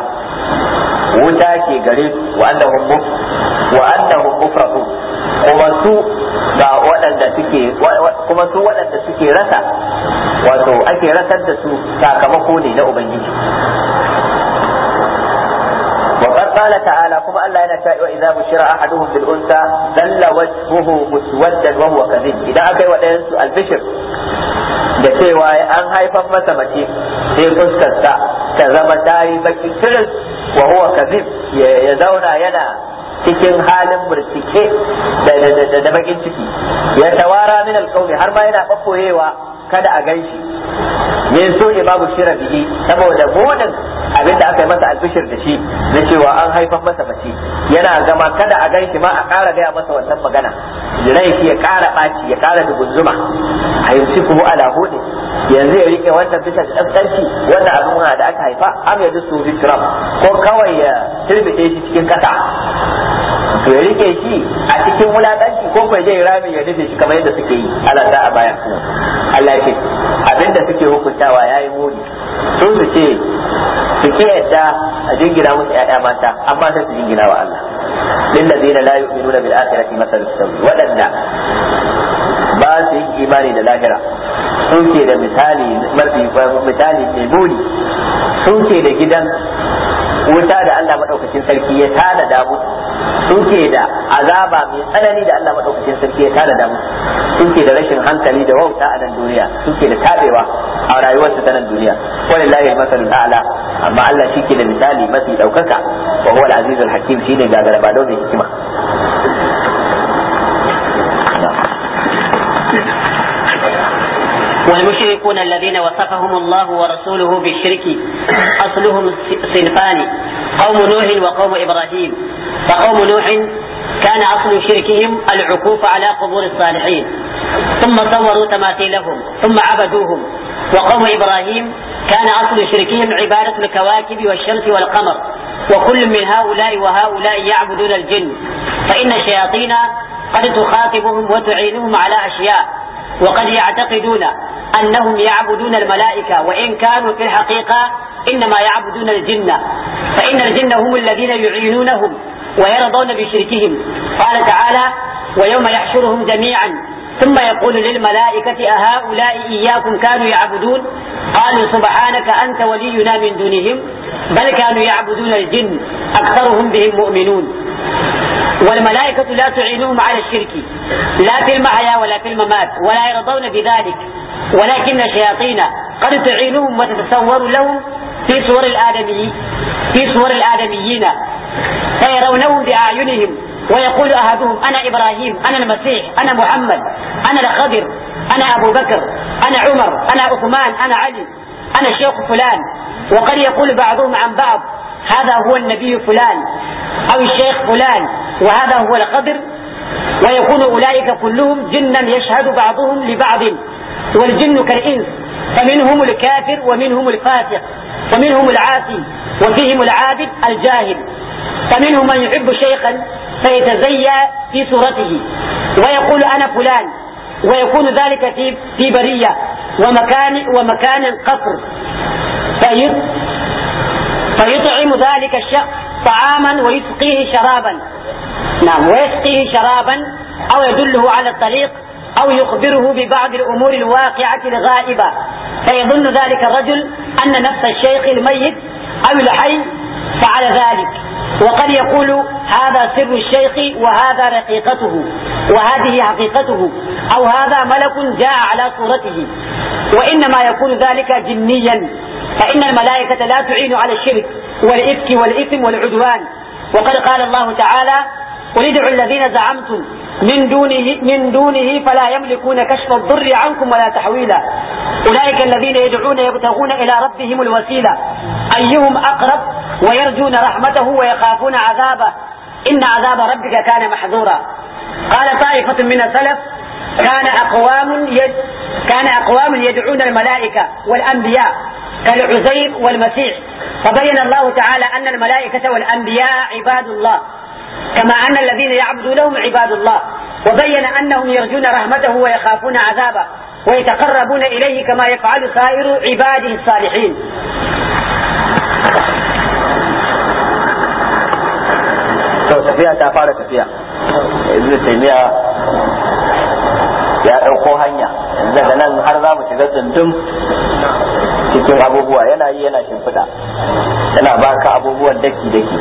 wuta ke gare su wa annahum wa annahum mufrahun kuma su ba waɗanda suke kuma su waɗanda suke rasa wato ake rasar da su sakamako ne na ubangiji qala ta'ala kuma Allah yana cewa idza bushira ahaduhum bil unsa dalla wajhuhu muswaddan wa huwa kadhib idan aka yi wa ɗayan su albishir da cewa an haifar masa mace sai fuskar ta zama tari baki kirin wa huwa ya zauna yana cikin halin birkike da bakin ciki ya tawara min alqawmi har ma yana bakkoyewa kada a ganshi min so babu shira bihi saboda munin abin da aka yi masa albishir da shi na cewa an haifar masa mace yana zama kada a gan shi ma a ƙara gaya masa wannan magana rai shi ya ƙara ɓaci ya ƙara dugunzuma a yanzu kuma ala hudu yanzu ya rike wannan bisa da ɗanɗanci wannan abin da aka haifa am bi dusu ko kawai ya turbide shi cikin ƙasa to ya rike shi a cikin wulakanci ko ko zai rami ya dafe shi kamar yadda suke yi Allah ta a bayan Allah ce abinda suke hukuntawa yayi muni su su ce su ke yadda a jingina musu ƴaƴa mata amma sai su jingina wa Allah ladina la yu'minuna bil akhirati masal sawi waɗanda ba su yi imani da lahira sun ke da misali mafi misali mai muni sun ke da gidan wuta da Allah madaukakin sarki ya tana da mu suke da azaba mai tsanani da Allah madaukakin sarki ya tana da mu suke da rashin hankali da wauta a nan duniya suke da tabewa a rayuwarsu ta nan duniya wallahi masalul a'la amma Allah shike da misali mafi ɗaukaka. wa huwa al-azizul hakim shi gagara ba mai hikima والمشركون الذين وصفهم الله ورسوله بالشرك أصلهم صنفان قوم نوح وقوم إبراهيم فقوم نوح كان أصل شركهم العكوف على قبور الصالحين ثم صوروا تماثيلهم ثم عبدوهم وقوم إبراهيم كان أصل شركهم عبادة الكواكب والشمس والقمر وكل من هؤلاء وهؤلاء يعبدون الجن فإن الشياطين قد تخاطبهم وتعينهم على أشياء وقد يعتقدون أنهم يعبدون الملائكة وإن كانوا في الحقيقة إنما يعبدون الجن فإن الجن هم الذين يعينونهم ويرضون بشركهم قال تعالى ويوم يحشرهم جميعا ثم يقول للملائكة أهؤلاء إياكم كانوا يعبدون قالوا سبحانك أنت ولينا من دونهم بل كانوا يعبدون الجن أكثرهم بهم مؤمنون والملائكة لا تعينهم على الشرك لا في المحيا ولا في الممات ولا يرضون بذلك ولكن الشياطين قد تعينهم وتتصور لهم في صور الآدمي في صور الآدميين فيرونهم بأعينهم ويقول أحدهم أنا إبراهيم أنا المسيح أنا محمد أنا الخضر أنا أبو بكر أنا عمر أنا عثمان أنا علي أنا شيخ فلان وقد يقول بعضهم عن بعض هذا هو النبي فلان أو الشيخ فلان وهذا هو الخضر ويكون أولئك كلهم جنا يشهد بعضهم لبعض والجن كالإنس فمنهم الكافر ومنهم الفاسق ومنهم العاصي وفيهم العابد الجاهل فمنهم من يحب شيخا فيتزيا في صورته ويقول أنا فلان ويكون ذلك في في برية ومكان ومكان القصر فيطعم ذلك الشخص طعاما ويسقيه شرابا نعم ويسقيه شرابا أو يدله على الطريق أو يخبره ببعض الأمور الواقعة الغائبة فيظن ذلك الرجل أن نفس الشيخ الميت أو الحي فعل ذلك وقد يقول هذا سر الشيخ وهذا رقيقته وهذه حقيقته أو هذا ملك جاء على صورته وإنما يكون ذلك جنيا فإن الملائكة لا تعين على الشرك والإفك والإثم والعدوان وقد قال الله تعالى قل ادعوا الذين زعمتم من دونه, من دونه فلا يملكون كشف الضر عنكم ولا تحويلا أولئك الذين يدعون يبتغون إلى ربهم الوسيلة أيهم أقرب ويرجون رحمته ويخافون عذابه إن عذاب ربك كان محذورا قال طائفة من السلف كان أقوام يد كان أقوام يدعون الملائكة والأنبياء كالعزير والمسيح فبين الله تعالى أن الملائكة والأنبياء عباد الله كما أن الذين يعبدونهم عباد الله وبين أنهم يرجون رحمته ويخافون عذابه ويتقربون إليه كما يفعل سائر عباده الصالحين tafiya ta fara tafiya ibn taymiya ya ɗauko hanya daga nan har أنتم shiga cikin abubuwa yana yi yana shimfiɗa yana baka abubuwan daki daki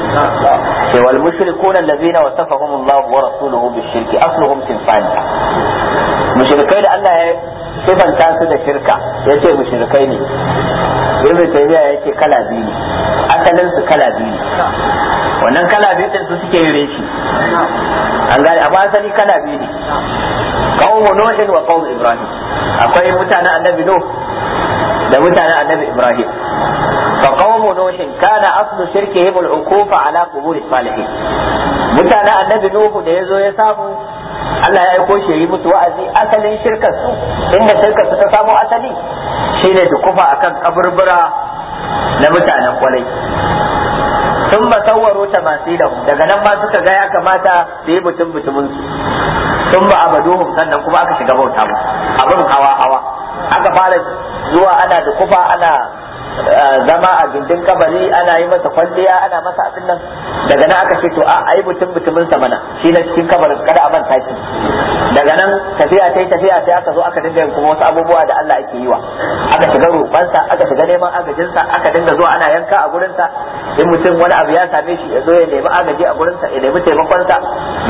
sai wal mushrikun allazina wasafahum Allah wa rasuluhu bishirki asluhum sinfani mushrikai da Allah ya sifanta su da shirka yace mushrikai ne ibn taymiya yake kala biyu ne asalin su kala biyu wannan kala biyu din su suke yin reshi an gane amma asali kala biyu ne qaumu nuhin wa qaumu ibrahim akwai mutanen annabi nuh da mutanen annabi ibrahim fa qawmu nuhin kana aslu shirkihim al-ukufa ala qubur salihin mutanen annabi nuhu da yazo ya samu Allah ya aiko shi yi musu wa'azi asalin shirkar su inda shirkar su ta samo asali shine dukufa akan kaburbura na mutanen kwalai sun ba sauwaro ta masilahu daga nan ma suka ga ya kamata su yi mutum mutumin su sun ba abadu sannan kuma aka shiga bauta mu abin hawa hawa aka fara zuwa ana da kufa ana Eh, zama a gindin kabari ana yi masa kwalliya ana masa abin nan daga nan aka ce to a ai mutum mutumin sa mana shi na cikin kabarin kada a manta shi daga nan tafiya sai tafiya sai aka zo aka dinga kuma wasu abubuwa da Allah ake yi wa aka shiga roƙon sa aka shiga neman agajin sa aka dinga zuwa ana yanka a gurin sa in mutum wani abu ya same shi ya zo ya nemi agaji a gurin sa ya nemi taimakon sa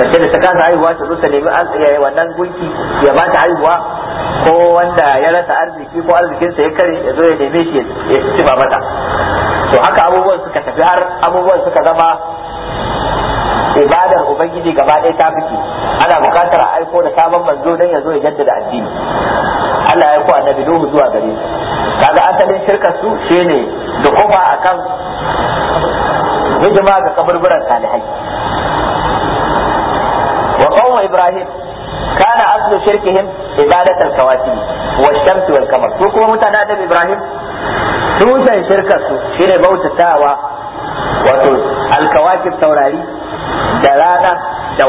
mace da ta kasa haihuwa ta zo ta nemi wannan gunki ya ba ta haihuwa ko wanda ya rasa arziki ko arzikin sa ya kare ya zo ya neme shi su mata to haka abubuwan suka tafi har abubuwan suka zama ibadar ubangiji gaba ɗaya ta fiki ana bukatar a aiko da sabon manzo don ya zo ya jaddada addini Allah ya aiko annabi Nuhu zuwa gare su kaga asalin shirkar su shine da kuma akan hijima ga kaburburan salihai wa ibrahim kana aslu shirke ibadat al-kawati wa shams wal qamar to kuma mutane da Ibrahim tushen shirkar su shine bautatawa wato al-kawakib taurari da rana da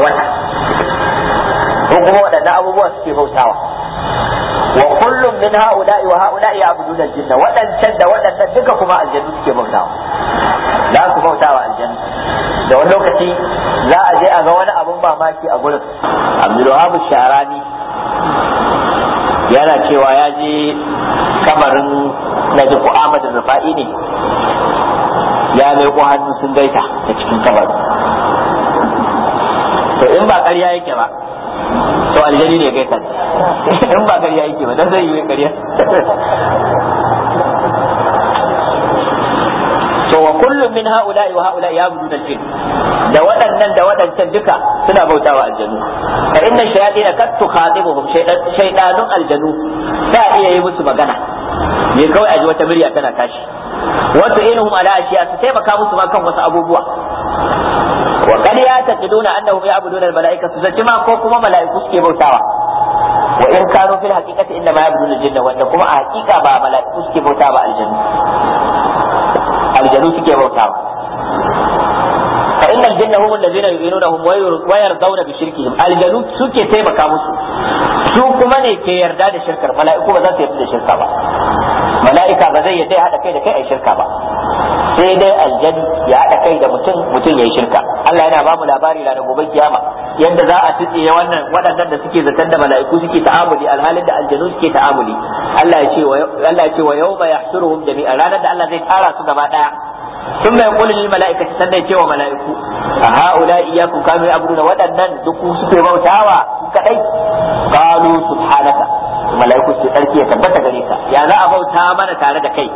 ko kuma waɗannan abubuwa suke bautawa wa kullum min ha'ula'i wa ha'ula'i abudu al-jinna wadancan da wadannan duka kuma aljannu suke bautawa za su bautawa aljannu da wani lokaci za a je a ga wani abun mamaki a gurin abdulwahab sharani yana cewa ya je kamarin na ji da rufa'i ne ya ko hannu sun gaita ta cikin kabarin to in ba ƙarya yake ba to aljani ne kai kan in ba ƙarya yake ba dan zai yi ƙarya to wa kullu min haula'i wa haula'i ya'buduna al-jin da waɗannan da waɗancan duka suna bautawa aljanu fa inna shayatin kat tukhatibuhum shaytanun aljanu ta iya yi musu magana ne kawai aji wata murya tana tashi wato inhum ala ashiya su taimaka musu ma kan wasu abubuwa wa kad ya taqiduna annahum ya'buduna al-mala'ika su zaci ma ko kuma mala'iku suke bautawa wa in kanu fil haqiqati inna ma ya'buduna al-jinna wanda kuma a haqiqa ba mala'iku suke bautawa ba aljannu aljanu suke bautawa fa inna al-jinna hum allazina yu'minunahum wa yardawna bi shirkihim aljanu suke taimaka musu su kuma ne ke yarda da shirka mala'iku ba za su yarda da shirka ba mala'ika ba zai yarda ya haɗa kai da kai a shirka ba sai dai aljan ya haɗa kai da mutum mutum ya yi shirka Allah yana ba mu labari da gobe kiyama yadda za a tutse wannan waɗannan da suke zaton da mala'iku suke ta'amuli alhalin da aljanu suke ta'amuli Allah ya ce wa Allah ya ce wa yawma jami'a ranar da Allah zai tara su gaba daya sun mai kulli mala'ika sannan cewa mala'iku a haula iyyakum kanu ya'buduna waɗannan duk ke bautawa kadai qalu subhanaka mala'iku su tsarki ya tabbata gare ka ya za a bauta mana tare da kai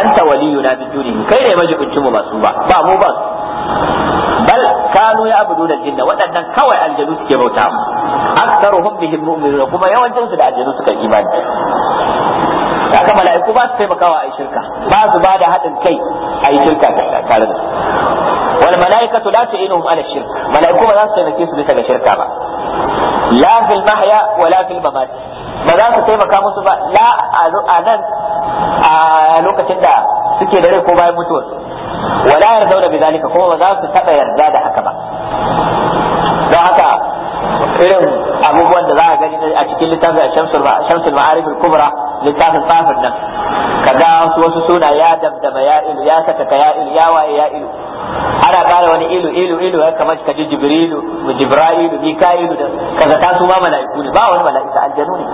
anta waliyuna bi dunihi kai ne majibincin mu ba su ba ba mu ba bal kanu ya abudu da jinna waɗannan kawai aljanu suke bauta mu bihim mu'minuna kuma yawancin su da aljanu suka imani kaga mala'iku ba su taimakawa a yi shirka ba su ba da haɗin kai a yi shirka tare da su wal mala'ikatu la ta'inuhum ala shirka mala'iku ba za su taimake su bisa ga shirka ba la fil mahya wa la fil mamat ba za su taimaka musu ba la a nan a lokacin da suke da rai ko bayan mutuwar wala yarda da bizalika kuma ba za su taɓa yarda da haka ba don haka irin abubuwan da za a gani a cikin littafin shamsul ma'arif al-kubra littafin tsafin nan kaga wasu suna ya damdama ya ilu ya saka ka ya ilu ya waye ya ilu ana kara wani ilu ilu ilu ya kamar ka ji jibrilu jibra'ilu mika'ilu da kaza ta su ma mala'iku ne ba wani mala'ika aljanu ne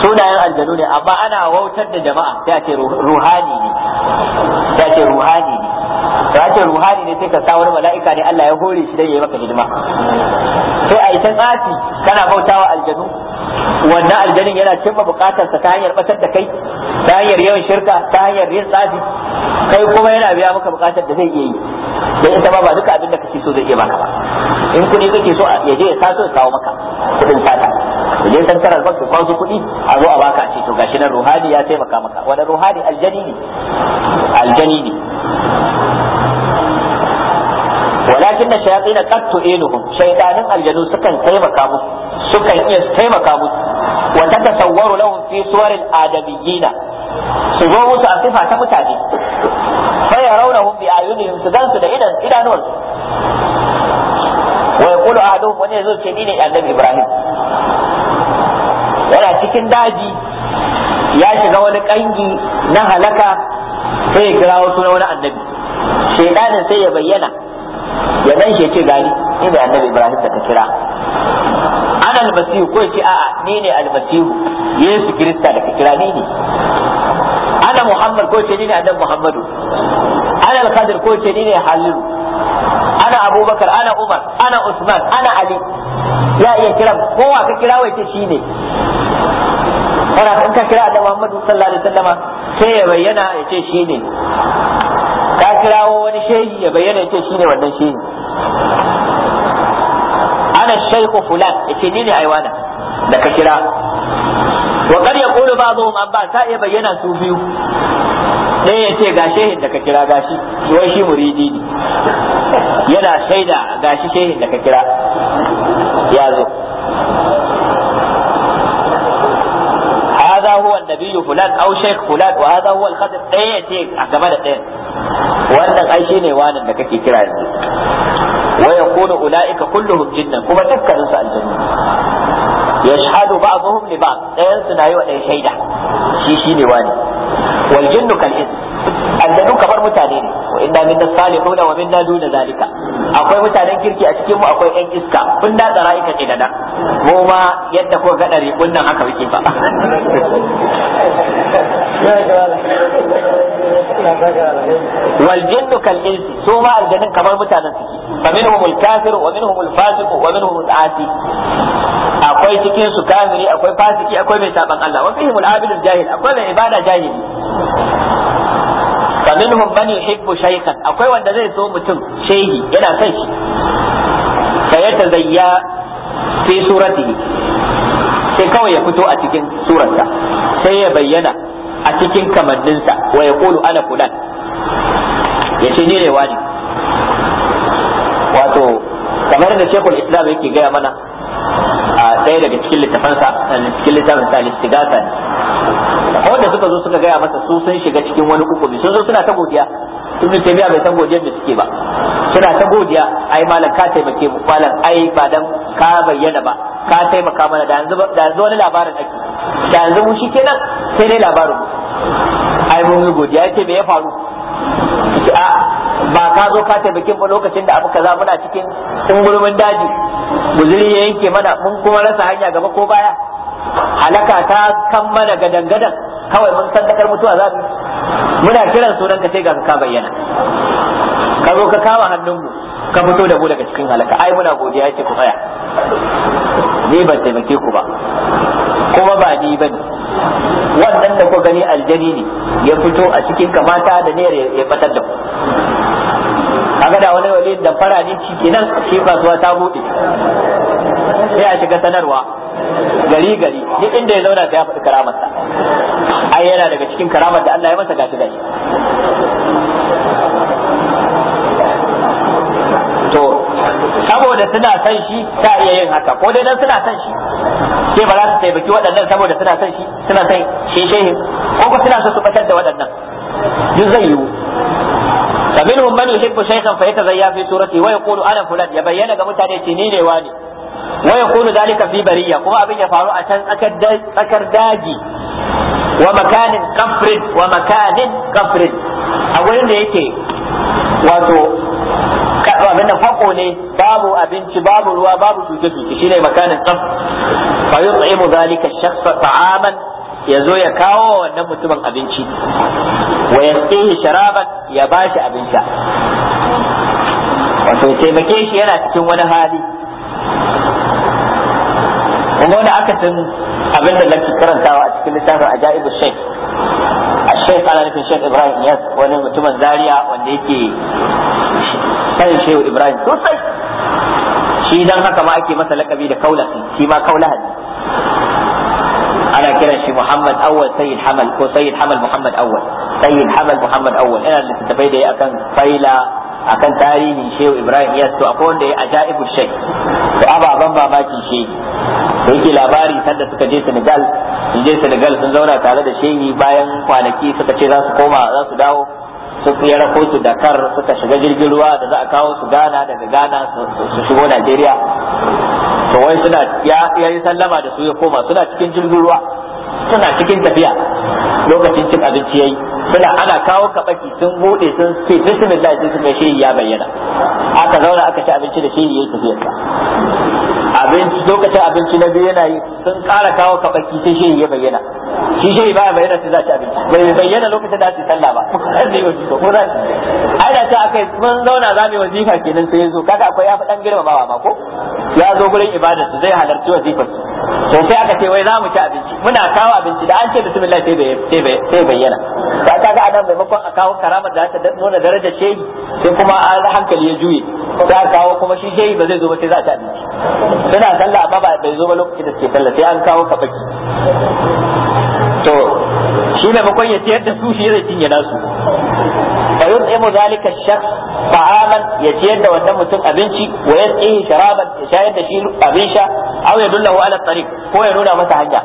sunayen aljanu ne amma ana wautar da jama'a sai ce ruhani ne sai ce ruhani da ce ruhani ne sai ka sa wani mala'ika ne Allah ya hore shi dan yayi maka hidima sai a isan asi kana bautawa aljanu wannan aljanin yana cimma sa ta hanyar batar da kai ta hanyar yawan shirka ta hanyar yin tsafi kai kuma yana biya maka bukatar da zai iya yi dan ita ba ba duka abin da kake so zai iya maka ba in kudi kake so ya je ya taso ya kawo maka kuɗin sata Ku je santarar bank ka kwaso kuɗi a zo a baka ce to gashi nan ruhani ya taimaka maka wani ruhani aljanini ne walakin na shayatsi shayatin qad tu'inuhum shaytanin aljanu sukan taimaka musu sukan iya taimaka musu wa tatasawwaru lahum fi suwaril adamiyyina su zo musu a sifa ta mutane fa rauna hum bi ayunihim su su da idan idanuwan wa a ahaduhum wani zo ce ne annabi ibrahim yana cikin daji ya shiga wani kangi na halaka sai ya kira wasu na wani annabi shaidanin sai ya bayyana ya dan shi ce gani ni ne annabi ibrahim da ka kira ana almasihu ko ce a'a ni ne almasihu yesu kirista da ka kira ni ne ana muhammad ko ce ni ne annabi muhammadu ana alqadir ko ce ni ne halil ana abubakar ana umar ana usman ana ali ya iya kira kowa ka kira wai ce shi ne kana in ka kira annabi muhammadu sallallahu alaihi wasallama sai ya bayyana ya ce shi ne ka kirawo wani shehi ya bayyana ya ce shi ne wannan shehi ana shaykhu fulan ya ce ni ne aiwana da ka kira wa ba'dhum an ba ta iya bayyana su biyu ɗaya ya ce ga shehin da ka kira gashi wai shi muridi ne yana shaida gashi shehin da ka kira ya zo هذا هو النبي فلان او شيخ فلان وهذا هو الخاتم ɗaya ya ce a gaba da ɗayan wannan ai shi ne wanin da kake kira yanzu wa yakunu ulaika kulluhum jinnan kuma dukkanin su aljanna ba a li ba ɗayan su na yi wa ɗaya shaida shi shi ne wani wal jinnu kal ins kamar mutane ne wa inna minna da wa min nadu da zalika akwai mutanen kirki a cikin mu akwai yan iska kun da tsara ika ce dana mu ma yadda ko ga dari kunnan haka muke ba wal jinnu kal insi su ma aljanin kamar mutanen su fa minhum al kafir wa minhum al fasiq wa minhum al akwai cikin su kafiri akwai fasiki akwai mai saban Allah wa fihim al abid al jahil akwai mai ibada jahili fa minhum man yuhibbu shaykhan akwai wanda zai so mutum shehi yana kai shi fa yatazayya fi suratihi sai kawai ya fito a cikin surarsa sai ya bayyana a cikin kamanninsa wa ya kulu ana fulan ya ce ne wato kamar da shekul islam yake gaya mana a ɗaya daga cikin littafansa cikin littafin sa listigasa ne wanda suka zo suka gaya masa su sun shiga cikin wani kukumi sun zo suna ta godiya ibn taymiya bai san godiyar da suke ba suna ta godiya ai malam ka taimake mu malam ai ba dan ka bayyana ba ka taimaka mana da yanzu da yanzu wani labarin ake da yanzu mu shikenan sai dai labarin mu ai mun yi godiya yace me ya faru a ba ka zo ka taimake mu lokacin da abu kaza muna cikin tsungurmin daji buzuri ya yanke mana mun kuma rasa hanya gaba ko baya halaka ta kan mana gadan gadan kawai mun san takar mutuwa za mu muna kiran sunan ka sai ga ka bayyana ka zo ka kama hannunmu ka fito da mu daga cikin halaka ai muna godiya yake ku tsaya ni ban taimake ku ba kuma ba ni bane wannan da ku gani aljani ne ya fito a cikin kamata da ne ya fatar da ku A da wani wali da fara ne cikin kenan shi kasuwa ta bude sai a shiga sanarwa gari gari duk inda ya zauna sai ya faɗi karamarsa ai yana daga cikin karamar da Allah ya masa gashi gashi to saboda suna son shi ta iya yin haka ko dai dan suna son shi sai ba za su taimaki waɗannan saboda suna son shi suna son shi shehin ko ko suna so su batar da waɗannan duk zai yiwu فمنهم من يحب شيخا فيتزيا في صورته ويقول انا فلان يبين ga mutane ce ni ne wa yakunu dalika fi bariya kuma abin ya faru a can tsakar daji wa makanin kafrin wa makanin kafrin a wurin da yake wato abin da fako ne babu abinci babu ruwa babu tuke tuke shine makanin kaf fa yut'imu dalika shakhsa ta'aman yazo ya kawo wannan mutumin abinci wa yasqihi sharaban ya bashi abin sha wato taimake shi yana cikin wani hali kuma wani akasin abin da nake karantawa a cikin littafin ajaibu shaykh a shaykh ana nufin shaykh ibrahim yas wani mutumin zaria wanda yake sanin shehu ibrahim sosai shi dan haka ma ake masa lakabi da kaulahi shi ma kaulahi ana kiran shi muhammad awwal sayyid hamal ko sayyid hamal muhammad awwal sayyid hamal muhammad awwal yana da littattafai da akan faila akan tarihin shehu ibrahim iyas to akwai wanda ya ajaibu shai to ababan mamaki shehi to yake labari sanda suka je senegal sun je senegal sun zauna tare da shehi bayan kwanaki suka ce za su koma za su dawo sun ya rako su kar suka shiga jirgin ruwa da za a kawo su gana daga gana su shigo najeriya to wai suna ya yi sallama da su ya koma suna cikin jirgin ruwa suna cikin tafiya lokacin cin abinci yayi suna ana kawo kabaki sun bude sun ce bismillah sai suka shi ya bayyana aka zauna aka ci abinci da shehi yayi tafiya abinci lokacin abinci na biyu yana yi sun ƙara kawo kabaki sai shi ya bayyana shi shi ba ya bayyana sai za ci abinci bai bayyana lokacin da ake sallah ba sai ko za ai da ta akai mun zauna za mu yi wazifa kenan sai yazo kaga akwai ya fi dan girmamawa ba ko ya zo gurin ibadarsa zai halarci wazifarsa to sai aka ce wai za mu ci abinci muna kawo abinci da an ce bismillah sai bayyana ba ka ga adam maimakon a kawo karamar da ta nuna darajar shehi sai kuma an hankali ya juye sai a kawo kuma shi shehi ba zai zo ba sai za a ci abinci suna sallah amma bai zo ba lokacin da suke sallah sai an kawo baki to shi maimakon ya ciyar da su shi zai cinye nasu yut'imu zalika shak shakhs ya ciyar da wannan mutum abinci wa yasqihi sharaban ya shayar da shi abin sha aw yadullahu ala tariq ko ya nuna masa hanya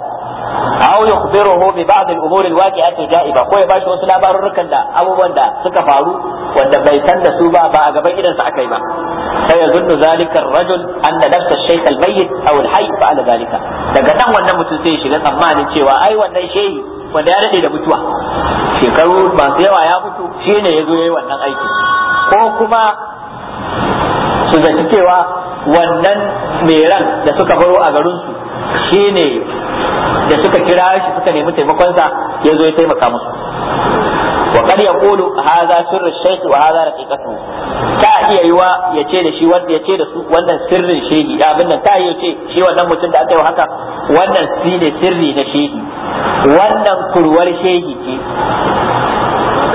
aw yukhbiruhu hobe ba'd al-umur wake waqiati al ba ko ya bashi wasu labarurrukan da abubuwan da suka faru wanda bai san da su ba ba a gaban gidansa akai ba sai ya zunnu zalika ar-rajul anna nafsa ash-shaykh al-mayyit aw al-hayy fa'ala daga dan wannan mutum sai ya shiga tsammanin cewa ai wannan shehi wanda ya daɗe da mutuwa shekaru masu yawa ya mutu shi ne ya zo ya yi wannan aiki ko kuma su zaci cewa wannan meran da suka baro a garinsu shi ne da suka kira shi suka nemi taimakonsa ya zo ya taimaka musu wa qad yaqulu hadha sirru shaykh wa hadha raqiqatu ta iya yiwa yace da shi wanda yace da su wannan sirrin shehi abin nan ta iya yace shi wannan mutum da aka yi haka wannan ne sirri na shehi wannan kurwar shehi ce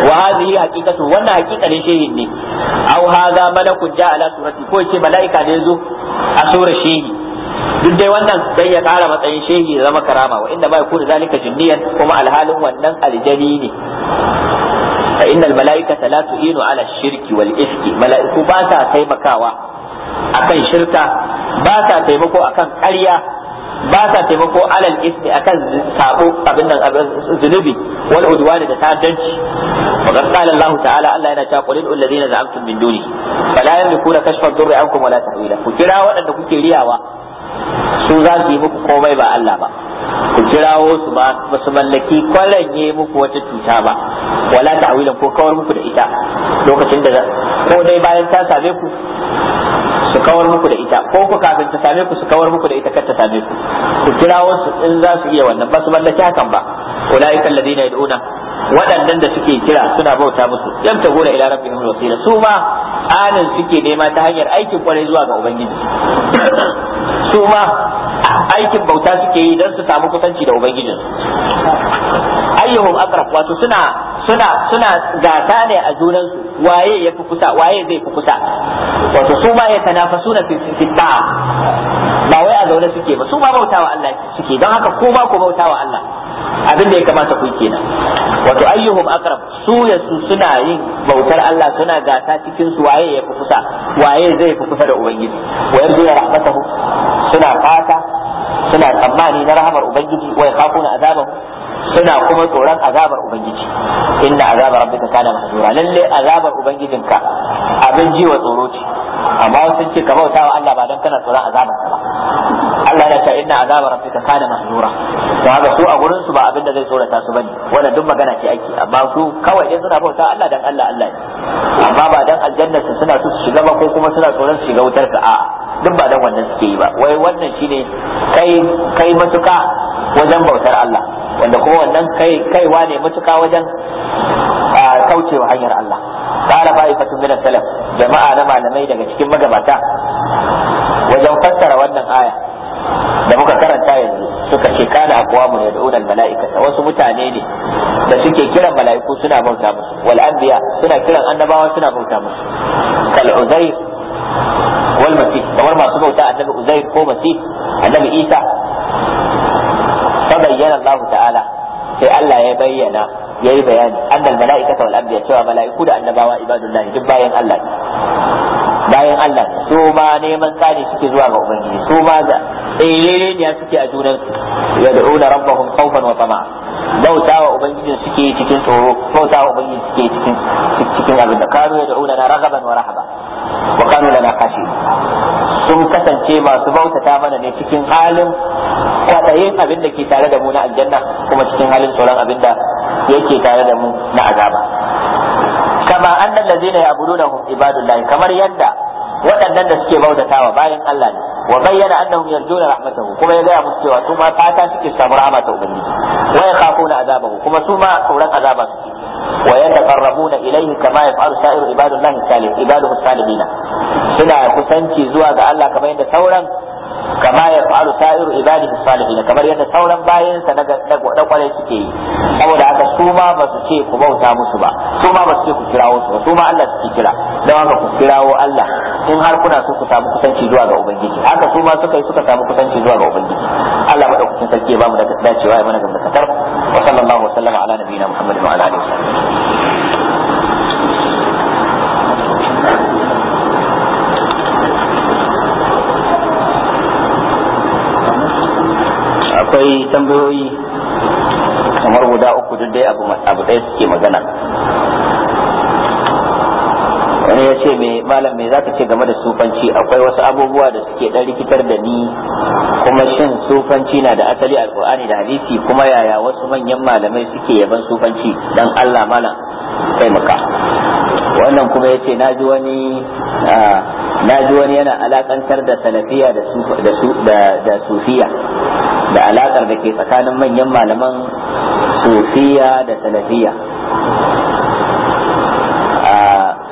wa hadhihi haqiqatu wannan haqiqa ne ne aw hadha malakun ja'ala surati ko ce mala'ika ne zo a surar shehi duk dai wannan zai ya kara matsayin shehi ya zama karama wa inda ma yakunu zalika jinniyan kuma alhalin wannan aljani ne fa innal malaikata la tu'inu ala shirki wal ifki mala'iku ba ta taimakawa akan shirka ba ta taimako akan ƙarya ba ta taimako alal ismi akan sabo abin nan zunubi wal udwani da ta'addanci wa qad qala Allah ta'ala Allah yana cewa qulil alladhina za'amtum min duni fala yamlikuna kashfa dhurri ankum wala tahwila ku kira waɗanda kuke riyawa su za su yi muku komai ba Allah ba ku kirawo su ba ba su mallaki kwaranye muku wata cuta ba wala ta'wilan ko kawar muku da ita lokacin da ko dai bayan ta same ku su kawar muku da ita ko ku kafin ta same ku su kawar muku da ita kar ta same ku ku kirawo su in za su iya wannan ba su mallaki hakan ba ulaika alladhina yad'una waɗannan da suke kira suna bauta musu gura ila rabbihim wasila su ma qur'anin suke nema ta hanyar aikin kwarai zuwa ga ubangiji su ma aikin bauta suke yi don su samu kusanci da ubangijin ayyuhum aqrab wato suna suna suna gata ne a junan su waye ya fi kusa waye zai fi kusa wato su ma ya tanafasuna fi ba wai a zaune suke ba su ma bautawa Allah suke don haka ko ba ku bautawa Allah abin da ya kamata ku kenan wato ayyuhum aqrab su ya su suna yin bautar Allah suna gata cikin su waye ya fi kusa waye zai fi kusa da ubangiji wa yanzu ya hu? suna fata suna tsammani na rahamar ubangiji wa yakhafuna azabahu suna kuma tsoron azabar ubangiji inna azabar rabbika kana mahzura lalle azabar ubangijinka abin jiwa tsoro ce amma sun ce ka bauta wa Allah ba dan kana tsoron azabar ba Allah ya ce inna azabar rabbika kana mahzura don haka su a gurin su ba abin da zai tsorata su bane wannan duk magana ce ake amma su kawai dai suna bauta Allah dan Allah Allah ne amma ba dan aljannar su suna su shiga ba ko kuma suna tsoron su shiga wutar sa a duk ba dan wannan suke yi ba wai wannan shine kai kai matuka wajen bautar Allah wanda kuma wannan kai kaiwa ne matuka wajen kaucewa hanyar Allah qala ba'ifatu min salaf jama'a na malamai daga cikin magabata wajen fassara wannan aya da muka karanta yanzu suka ce kana aqwamu yad'una mala'ika. malaikata wasu mutane ne da suke kiran mala'iku suna bauta musu wal anbiya suna kiran annabawa suna bauta musu kal uzair wal masih kamar masu bauta a daga uzair ko masih annabi isa fa bayyana Allah ta'ala sai Allah ya bayyana ya yi bayani annal ta wal'ambi anbiya cewa mala'iku da annabawa ibadullah duk bayan Allah ne bayan Allah ne su ma neman tsari suke zuwa ga ubangiji su ma da tsere ne suke a junan una rabbahum khawfan wa tama'a bauta wa ubangijin suke cikin tsoro bauta wa ubangijin suke cikin cikin abin da kanu una ragaban wa rahaba kasance masu bautata mana ne cikin halin kwaɗayin abin da ke tare da mu na aljanna kuma cikin halin tsoron abin da yake tare da mu na azaba kama annan zina ya da ibadullahi kamar yadda waɗannan da suke bautatawa bayan Allah ne wa bayyana annahum yarjuna rahmatahu kuma ya gaya musu cewa su ma fata suke samu rahmatar ubangiji wa yakhafuna azabahu kuma su ma tsoron azaba suke ويتقربون إليه كما يفعل سائر عباد الله الصالحين عباده الصالحين suna kusanci zuwa ga Allah kamar yadda sauran kama ya fa'alu sa'iru ibadihi salihin kamar yadda sauran bayansa na na kware suke yi saboda aka su ma ba su ce ku bauta musu ba su ma ba su ce ku kirawo su ba su Allah suke kira don haka ku kirawo Allah in har kuna so ku samu kusanci zuwa ga ubangiji haka su ma suka yi suka samu kusanci zuwa ga ubangiji Allah madaukakin sarki ya bamu da dacewa ya mana gamdakatar wa sallallahu alaihi wa sallam ala nabiyina muhammadin wa ala alihi akwai tambayoyi kamar guda uku duk dai abu ɗaya suke magana wani ya ce malam me zaka ce game da sufanci akwai wasu abubuwa da suke ɗan rikitar da ni kuma shin sufanci na da asali alkur'ani da hadisi kuma yaya wasu manyan malamai suke yaban sufanci dan allah malam taimaka wannan kuma ya ce naji wani wani yana alakantar da salafiya da sufiya da alakar da ke tsakanin manyan malaman sufiya da salafiya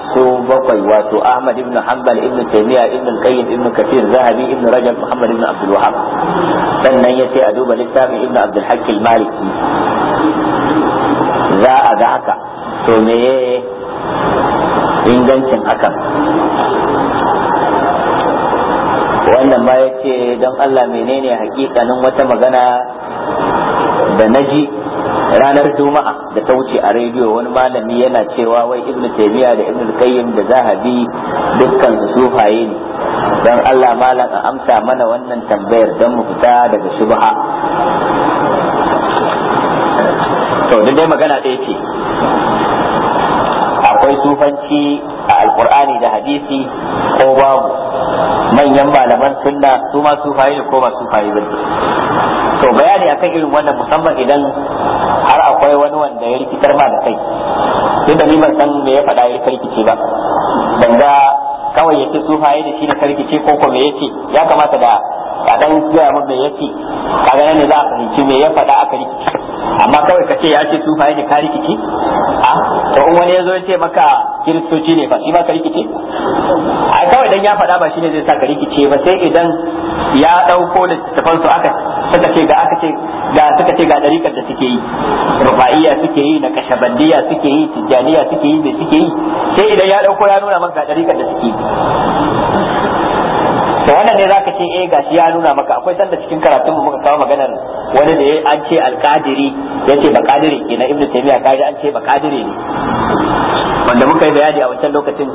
su bakwai wato Ahmad ibn Hanbal ibn Taymiyyah ibn Qayyim ibn Kathir Zahabi ibn Rajab Muhammad ibn Abdul Wahhab sannan yace a duba littafin ibn Abdul Hakk maliki za a ga haka to me ingancin hakan wannan ma ya ce don Allah menene hakikanin wata magana da naji ranar juma'a da ta wuce a rediyo wani malami yana cewa wai ibn taymiya da ibn qayyim da zahabi dukkan su sufaye ne don Allah malam a amsa mana wannan tambayar don mu fita daga shubha to dai magana ɗaya ce akwai sufanci a alkur'ani da hadisi ko babu manyan malaman sunna su ma sufaye ne ko ba sufaye ba to bayani akan irin wannan musamman idan har akwai wani wanda ya rikitar ma da kai tunda ni ban san me ya faɗa ya rikice ba ban ga kawai ce sufaye da shi da karkice ko ko me yake ya kamata da a dan gaya min me yake kaga nan ne za a fahimci me ya faɗa aka rikice amma kawai ka ce ya ce sufaye da ka rikice a ah, to in wani ya zo ya ce maka kiristoci ne ba shi ba ka rikice a kawai dan ya faɗa ba shi ne zai sa ka rikice ba sai idan ya ɗauko tafan su aka suka ce ga aka ce ga suka ce ga ɗarikar da suke yi ruba'iyya suke yi na kashabandiya suke yi tijjaniya suke yi da suke yi sai idan ya ɗauko ya nuna maka ga ɗarikar da suke yi to wannan ne zaka ce eh gashi ya nuna maka akwai sanda cikin karatun mu muka kawo maganar wani da an ce alkadiri yace bakadiri kenan ibnu taymiya kaji an ce bakadiri ne wanda muka yi bayani a wancan lokacin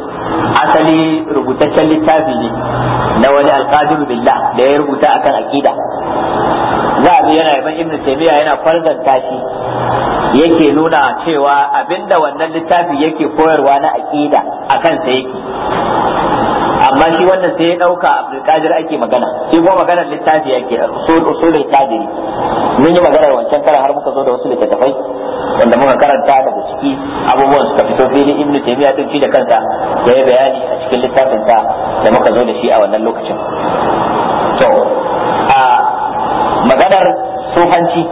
asali rubutaccen littafi ne na wani alqadir billah da ya rubuta akan aqida za a yana yaban ibnu taymiya yana farzanta shi yake nuna cewa abinda wannan littafi yake koyarwa na aqida akan sa yake amma shi wannan sai ya dauka Abdul Qadir ake magana shi kuma maganar littafi yake usul usulul qadiri mun yi magana wancan karan har muka zo da wasu littafai wanda muka karanta daga ciki abubuwan suka fito fili ibnu taymiya tun shi da ya bayani a cikin littafin sa da muka zo da shi a wannan lokacin to a maganar sufanci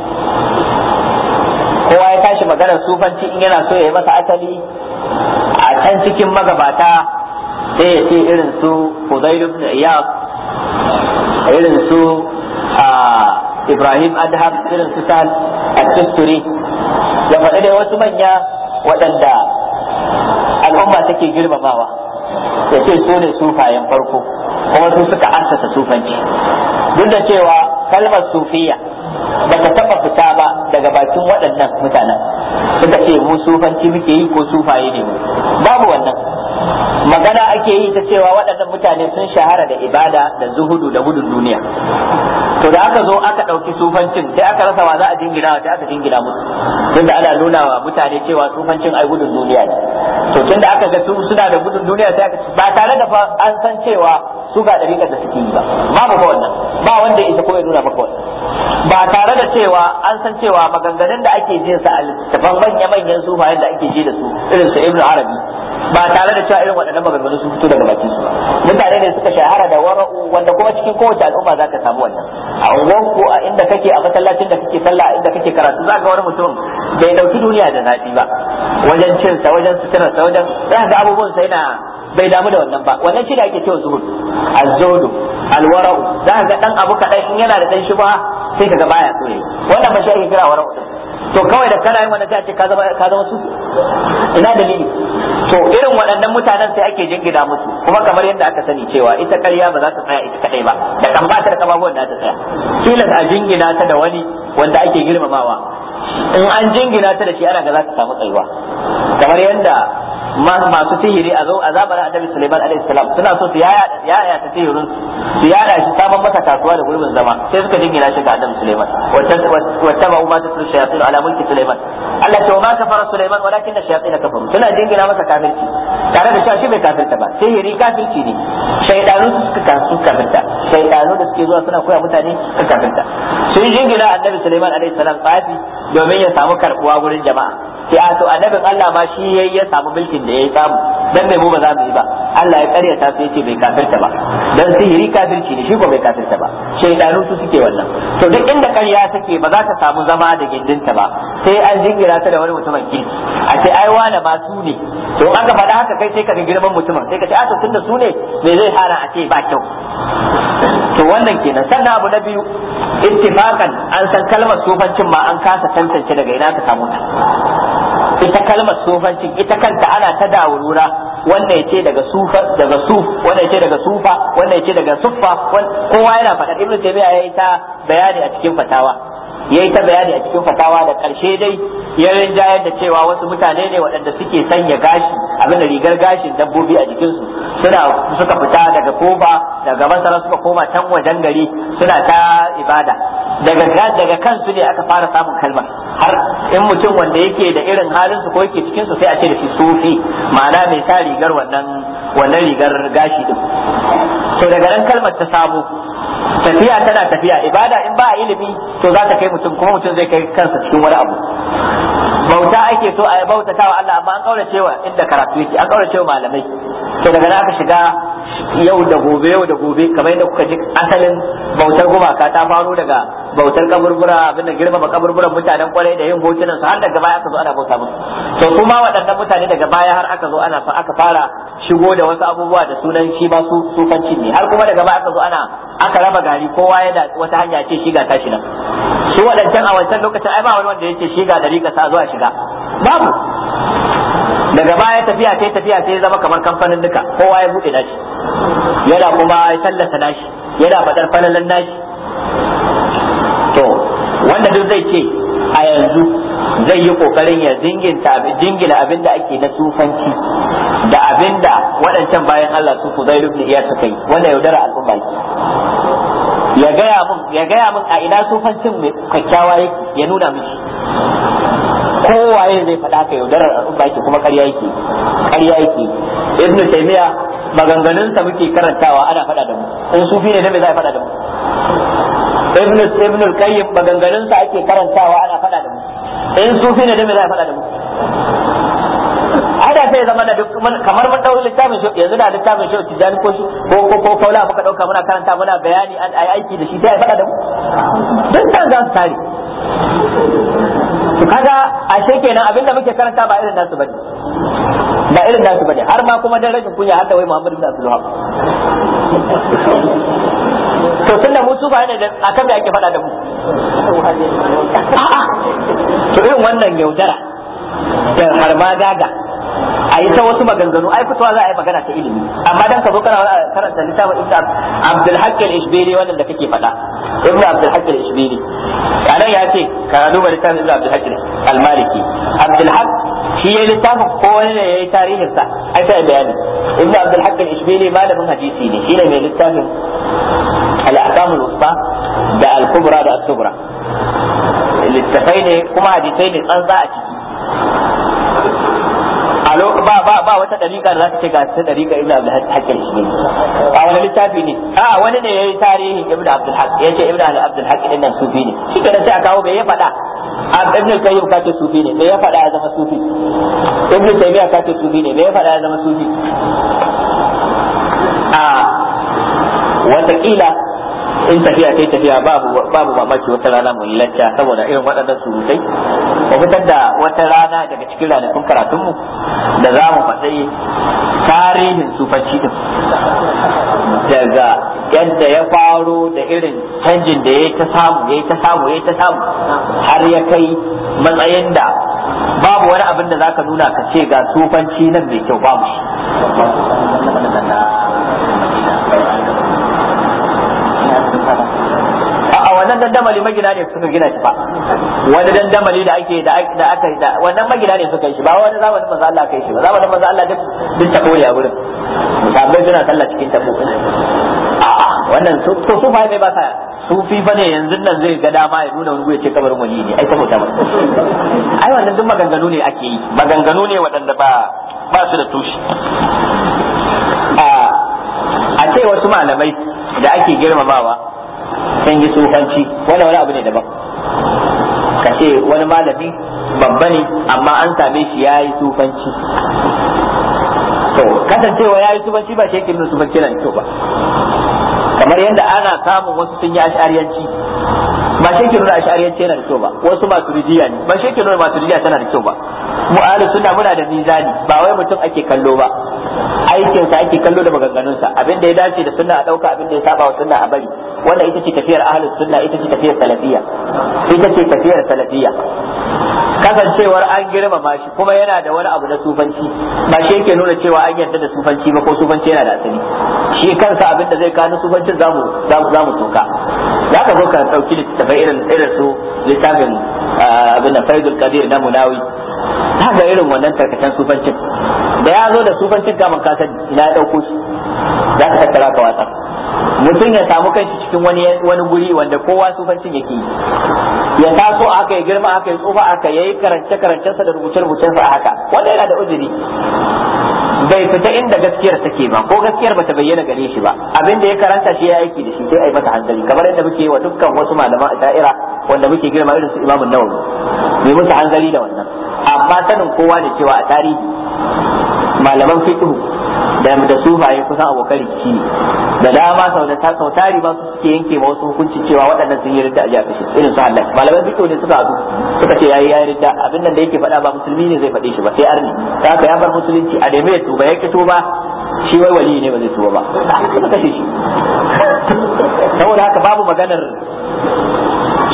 kowa ya tashi maganar sufanci in yana so ya yi masa asali a can cikin magabata sai ya ce irin su Fudayl ibn Iyad irin su Ibrahim Adham irin su Tal At-Tusturi ya faɗi da wasu manya waɗanda al'umma take girmamawa ya ce su ne sufayen farko kuma su suka ansata sufanci duk da cewa kalmar sufiya ba ta taɓa fita ba daga bakin waɗannan mutanen suka ce mu sufanci muke yi ko sufaye ne mu babu wannan magana ake yi ta cewa waɗannan mutane sun shahara da ibada da zuhudu da gudun duniya to da aka zo aka ɗauki sufancin sai aka rasa wa za a jingina wa sai aka jingina musu da ana nuna wa mutane cewa sufancin ai gudun duniya ne to da aka ga su suna da gudun duniya sai aka ba tare da an san cewa su ga ɗariƙar da suke yi ba mu ba wannan ba wanda ita ko ya nuna maka wannan ba tare da cewa an san cewa maganganun da ake jin sa a littattafan manya-manyan sufayen da ake ji da su irin su ibnu arabi ba tare da cewa irin waɗannan maganganu sun fito daga bakin su mutane ne suka shahara da wara'u wanda kuma cikin kowace al'umma zaka samu wannan a unguwar ko a inda kake a masallacin da kake sallah a inda kake karatu za ka wani mutum bai dauki duniya da zafi ba wajen cinsa wajen sa wajen zaka ga abubuwan sa yana bai damu da wannan ba wannan shi da ake cewa zuhud azhudu alwara'u za ka ga dan abu kadai in yana da dan shi ba sai ka ga baya so wannan ba shi ake kira wara'u to kawai da kana yin wannan sai a ce ka zama ka zama su ina dalili to irin waɗannan mutanen sai ake jingina musu kuma kamar yadda aka sani cewa ita karya ba za ta tsaya ita kadai ba da kan ba ta da kababuwan da ta tsaya kila a jingina ta da wani wanda ake girmamawa in an jingina ta da shi ana ga za ta samu tsayuwa kamar yadda masu sihiri a a annabi Suleiman alayhi salam suna so su yaya ta sihirin su yada shi sabon masa kasuwa da gurbin zama sai suka jingina shi ga annabi Suleiman. wata ba umma tasul shayatin ala mulki Suleiman. Allah ta ma fara suleiman walakin da shayatin kafaru suna jingina masa kafirci tare da cewa shi bai kafirta ba sihiri kafirci ne su suka kasu kafirta shaidanu da suke zuwa suna koya mutane suka kafirta sun jingina annabi Suleiman alayhi salam tsafi domin ya samu karbuwa wurin jama'a sai a to annabin Allah ma shi yayi ya samu mulkin da yayi samu dan mai mu ba za mu yi ba Allah ya ta sai yace bai kafirta ba dan sihiri kafirci ne shi ko bai kafirta ba shaydanu su suke wannan to duk inda karya take ba za ta samu zama da gindinta ba sai an jingira ta da wani mutumin kirki a ce ai wala ba su ne to aka faɗa haka kai sai ka ga girman mutumin sai ka ce a to tunda su ne me zai hana a ce ba kyau to wannan kenan sannan abu na biyu ittifaqan an san kalmar sufancin ma an kasa tantance daga ina ka samu ta ita kalmar sufanci ita kanta ana ta dawurura wannan ya ce daga sufa daga suf wannan ya ce daga sufa wannan yace daga suffa kowa yana faɗa ibnu taymiya yayi ta bayani a cikin fatawa yayi ta bayani a cikin fatawa da karshe dai ya rinjayar da cewa wasu mutane ne waɗanda suke sanya gashi abin da rigar gashin dabbobi a jikinsu suna suka fita daga koba daga masara suka koma can wajen gari suna ta ibada daga daga kansu ne aka fara samun kalmar har in mutum wanda yake da irin halin su ko yake cikin su sai a ce da shi sufi ma'ana mai sa rigar wannan wannan rigar gashi din to daga nan kalmar ta samu tafiya tana tafiya ibada in ba ilimi to za ta kai mutum kuma mutum zai kai kansa cikin wani abu bauta ake so a bautatawa Allah amma an kaura wa inda karatu yake an kaura wa malamai to daga nan aka shiga yau da gobe yau da gobe kamar yadda kuka ji asalin bautar gumaka ta faro daga bautar kaburbura abin da girmama kaburburan mutanen kwarai da yin hotunan su har daga baya aka zo ana bauta musu to kuma waɗannan mutane daga baya har aka zo ana aka fara shigo da wasu abubuwa da sunan shi ba su sufanci ne har kuma daga baya aka zo ana aka raba gari kowa ya da wata hanya ce shi ga tashi nan su waɗancan a wancan lokacin ai ba wani wanda ya ce shi ga dariƙa sa zuwa shiga babu daga baya tafiya sai tafiya sai zama kamar kamfanin duka kowa ya bude nashi yana kuma sallata nashi yana fadar falalan nashi to wanda duk zai ce a yanzu zai yi kokarin ya jinginta jingina abin da ake na sufanci da abin da waɗancan bayan Allah su ku zai rubni iya suka wanda yaudara al'umma ya gaya mun a ina mai kyakkyawa yake ya nuna mishi kowaye zai faɗa ka yaudarar al'umma yake kuma ƙarya yake ƙarya yake ibn taymiya maganganun sa muke karantawa ana faɗa da mu in sufi ne me za a faɗa da mu ibn ibn al-qayyim maganganun sa ake karantawa ana faɗa da mu in sufi ne me zai a faɗa da mu ada sai zama da duk kamar mun dauki littafin shi yanzu da littafin shi tijani ko shi ko ko ko kaula muka dauka muna karanta muna bayani an ayi aiki da shi sai a faɗa da mu dan san za su tare to kaga ashe kenan abinda muke karanta ba irin nasu bane ba irin nasu bane har ma kuma dan rashin kunya haka wai Muhammadu bin Abdul Wahab to tunda mu ba ne akan da ake faɗa da mu a'a to irin wannan yaudara da har ma gaga a yi ta wasu maganganu ai fitowa za a yi magana ta ilimi amma dan ka zo kana karanta littafin ita Abdul Hakim ishbili wannan da kake faɗa Ibn Abdul Hakim al-Ishbili ya ce ka duba littafin Ibn Abdul Hakim al-Maliki Abdul shi ya littafin ko wani ne yayi tarihin sa ai sai bayani Ibn Abdul Hakim ishbili malamin hadisi ne shine mai littafin al-Ahkam al-Wusta da al-Kubra da al-Kubra littafai ne kuma hadisai ne tsantsa a ciki Alo ba ba ba wata dariƙa da za ta ce ga ta dariƙa ibnu abdul hakim shi ba wani littafi ne a wani ne yayi tarihin ibnu abdul hakim yace ibnu abdul hakim din nan sufi ne shi kenan sai a kawo bai ya faɗa ibnu kayyum ka ce sufi ne bai ya faɗa ya zama sufi ibnu taymiya ka ce sufi ne bai ya faɗa ya zama sufi a wataƙila in tafiya kai tafiya babu babu mamaki wata rana mu lacca saboda irin waɗannan surutai Ka fitar da wata rana daga cikin ranakun karatunmu da za mu faɗi tarihin sufanci din daga yadda ya faru da irin canjin da ya ta samu ya ta samu ya ta samu har ya kai matsayin da babu wani abin da za ka nuna ka ce ga sufanci nan mai kyau babu shi wannan dandamali magina ne suka gina shi ba wani dandamali da ake da aka da wannan magina ne suka yi shi ba wani zamanin manzo Allah kai shi ba zamanin manzo Allah duk duk tabo ne gurin sahabbai suna sallah cikin tabo a'a wannan to su fa mai ba sa sufi fa ne yanzu nan zai ga dama ya nuna wani ya ce kabarin ne ai saboda ba ai wannan duk maganganu ne ake yi maganganu ne waɗanda ba ba su da tushe a ce wasu malamai da ake girmamawa sun yi sufanci wannan wani abu ne daban ka ce wani malami babba ne amma an same shi ya yi sufanci to kasancewa ya yi sufanci ba shekin nuna sufanci na kyau ba kamar yadda ana samun wasu sun yi ashariyanci ba shekin nuna ashariyanci yana da kyau ba wasu masu rijiya ne ba shekin nuna rijiya tana da kyau ba mu ahlu suna muna da mizani ba wai mutum ake kallo ba aikinsa ake kallo da maganganunsa abin da ya dace da sunna a dauka abin da ya saba wa sunna a bari wannan ita ce tafiyar ahlus sunna ita ce tafiyar salafiya ita ce tafiyar salafiya kasancewar an girmama shi kuma yana da wani abu na sufanci ba shi yake nuna cewa an yarda da sufanci ba ko sufanci yana da asali shi kansa abin da zai kawo sufancin zamu zamu toka za ka zo ka dauki littafai irin irin su littafin ah, abin da Faidul Qadir na Munawi ta ga irin wannan tarkacen sufancin da ya zo da sufancin gaban kasar ina ya dauko shi za ka tattara ka watsa mutum ya samu kanshi cikin wani wani guri wanda kowa sufancin yake yi ya taso a haka ya girma a haka ya tsufa a haka ya yi karance karancensa da rubuce rubucensa a haka wanda yana da uzuri bai fita inda gaskiyar take ba ko gaskiyar bata bayyana gare shi ba abin da ya karanta shi ya aiki da shi sai ai masa hanzari kamar yadda muke wa dukkan wasu malaman sha'ira wanda muke girma irin su Imam Nawawi bai musu hanzari da wannan amma sanin kowa da cewa a tarihi malaman fiqh da da sufaye kusan abokan rikici ne da dama sau da sau tari ba su suke yanke ma wasu hukunci cewa waɗannan sun yi ridda a jiya kashe irin su Allah malaman fiqh ne suka zo suka ce yayi yayi ridda abin nan da yake faɗa ba musulmi ne zai faɗe shi ba sai arni ka ya bar musulunci a nemi ya tuba ya kito ba shi wai wali ne ba zai tuba ba suka kashe shi saboda haka babu maganar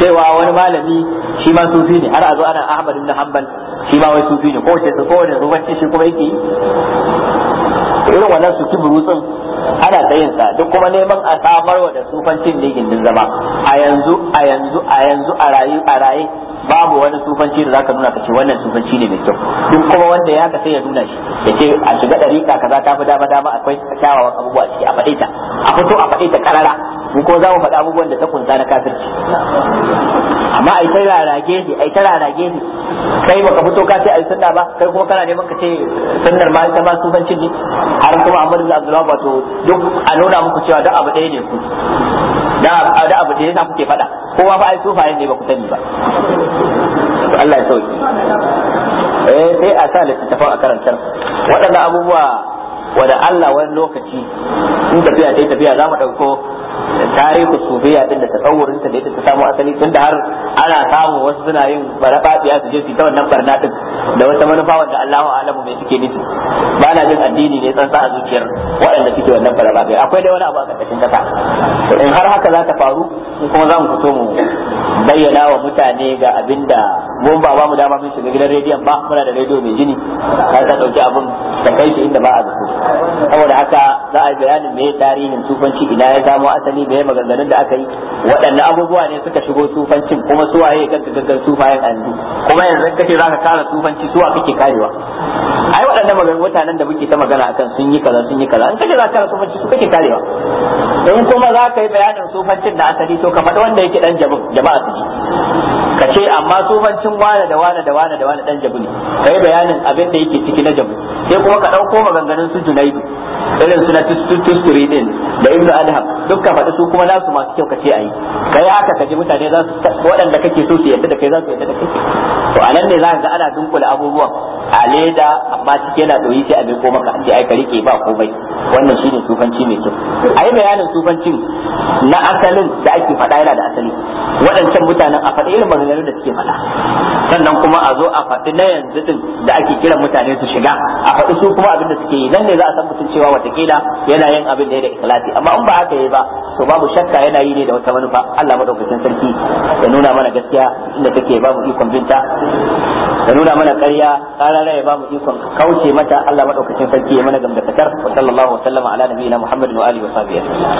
cewa wani malami shi ma sufi ne har a zo ana Ahmad ibn Hanbal shi ma wai sufi ne ko wace ko wace zubanci shi kuma yake irin wannan su burutsun ana tsayin sa duk kuma neman a samar wa da sufancin ne gindin zama a yanzu a yanzu a yanzu a rayu a raye babu wani sufanci da zaka nuna kace wannan sufanci ne mai kyau duk kuma wanda ya ka sai ya nuna shi ce a shiga dariƙa kaza ta fi dama dama akwai kyawawan abubuwa ciki a faɗe a fito a faɗe ta karara mu ko za mu faɗa abubuwan da ta kunta na kafirci amma ai ta rarage shi ai ta rarage shi kai baka fito ka ce ai sunna ba kai kuma kana neman ka ce sunnar ma ita ma sufanci ne har kuma Ahmad bin Abdullah to duk a nuna muku cewa duk abu ɗaya ne ku da abu ɗaya yasa kuke faɗa kowa fa ai sufaye ne ba ku sani ba Allah ya sauki eh sai a sa tafa a karantar waɗannan abubuwa da Allah wani lokaci in tafiya ta tafiya za mu ɗauko tarihi sufiya din da tasawurin ta da ita ta samu asali tun da har ana samu wasu suna yin barabadiya su je su ta wannan barna din da wata manufa wanda Allahu alamu mai suke nufi ba na jin addini ne tsantsa a zuciyar waɗanda suke wannan barabadiya akwai dai wani abu a ƙarƙashin kasa in har haka za ta faru kuma za mu fito mu bayyana wa mutane ga abinda mun ba ba mu dama mun shiga gidan rediyon ba muna da rediyo mai jini har ta dauki abun da kai shi inda ba a zato saboda haka za a yi bayanin me tarihin sufanci ina ya samo asali asali da ya maganganun da aka yi waɗannan abubuwa ne suka shigo sufancin kuma su waye kanka gaggar sufayen andu kuma yanzu kace ka kara sufanci su wa kake karewa ai waɗannan maganganun mutanen da muke ta magana akan sun yi kaza sun yi kaza in kace ka kara sufanci su kake karewa in kuma za ka yi bayanin sufancin da asali to kamar wanda yake dan jama'a su ji ka ce amma sufancin wane da wane da wane da wane dan jabu ne ka yi bayanin abin da yake ciki na jabu sai kuma ka ɗauko maganganun su junaidu irin su na tusturi din da ibnu adham duk ka faɗi su kuma za su masu kyau ka ce ayi yi haka ka ji mutane za su waɗanda kake so su yadda da kai za su yadda da kai to a nan ne za ka ga ana dunkula abubuwan a leda amma cike yana ɗoyi sai a bai ko maka sai ai ka rike ba komai wannan shi ne sufanci mai kyau a yi bayanin sufancin na asalin da ake faɗa yana da asali waɗancan mutanen a faɗi irin maganganun da suke faɗa sannan kuma a zo a faɗi na yanzu din da ake kiran mutane su shiga a faɗi su kuma abin da suke yi nan ne za a san mutum cewa watakila yana yin abin da ya da ikhlasi amma in ba haka yi ba to babu shakka yana yi ne da wata manufa Allah madaukakin sarki ya nuna mana gaskiya inda take ba mu ikon binta ya nuna mana ƙarya ƙarara ya ba mu ikon kauce mata Allah madaukakin sarki ya mana gamdakatar wa sallallahu wa sallam ala nabiyina Muhammadin wa alihi wa sahbihi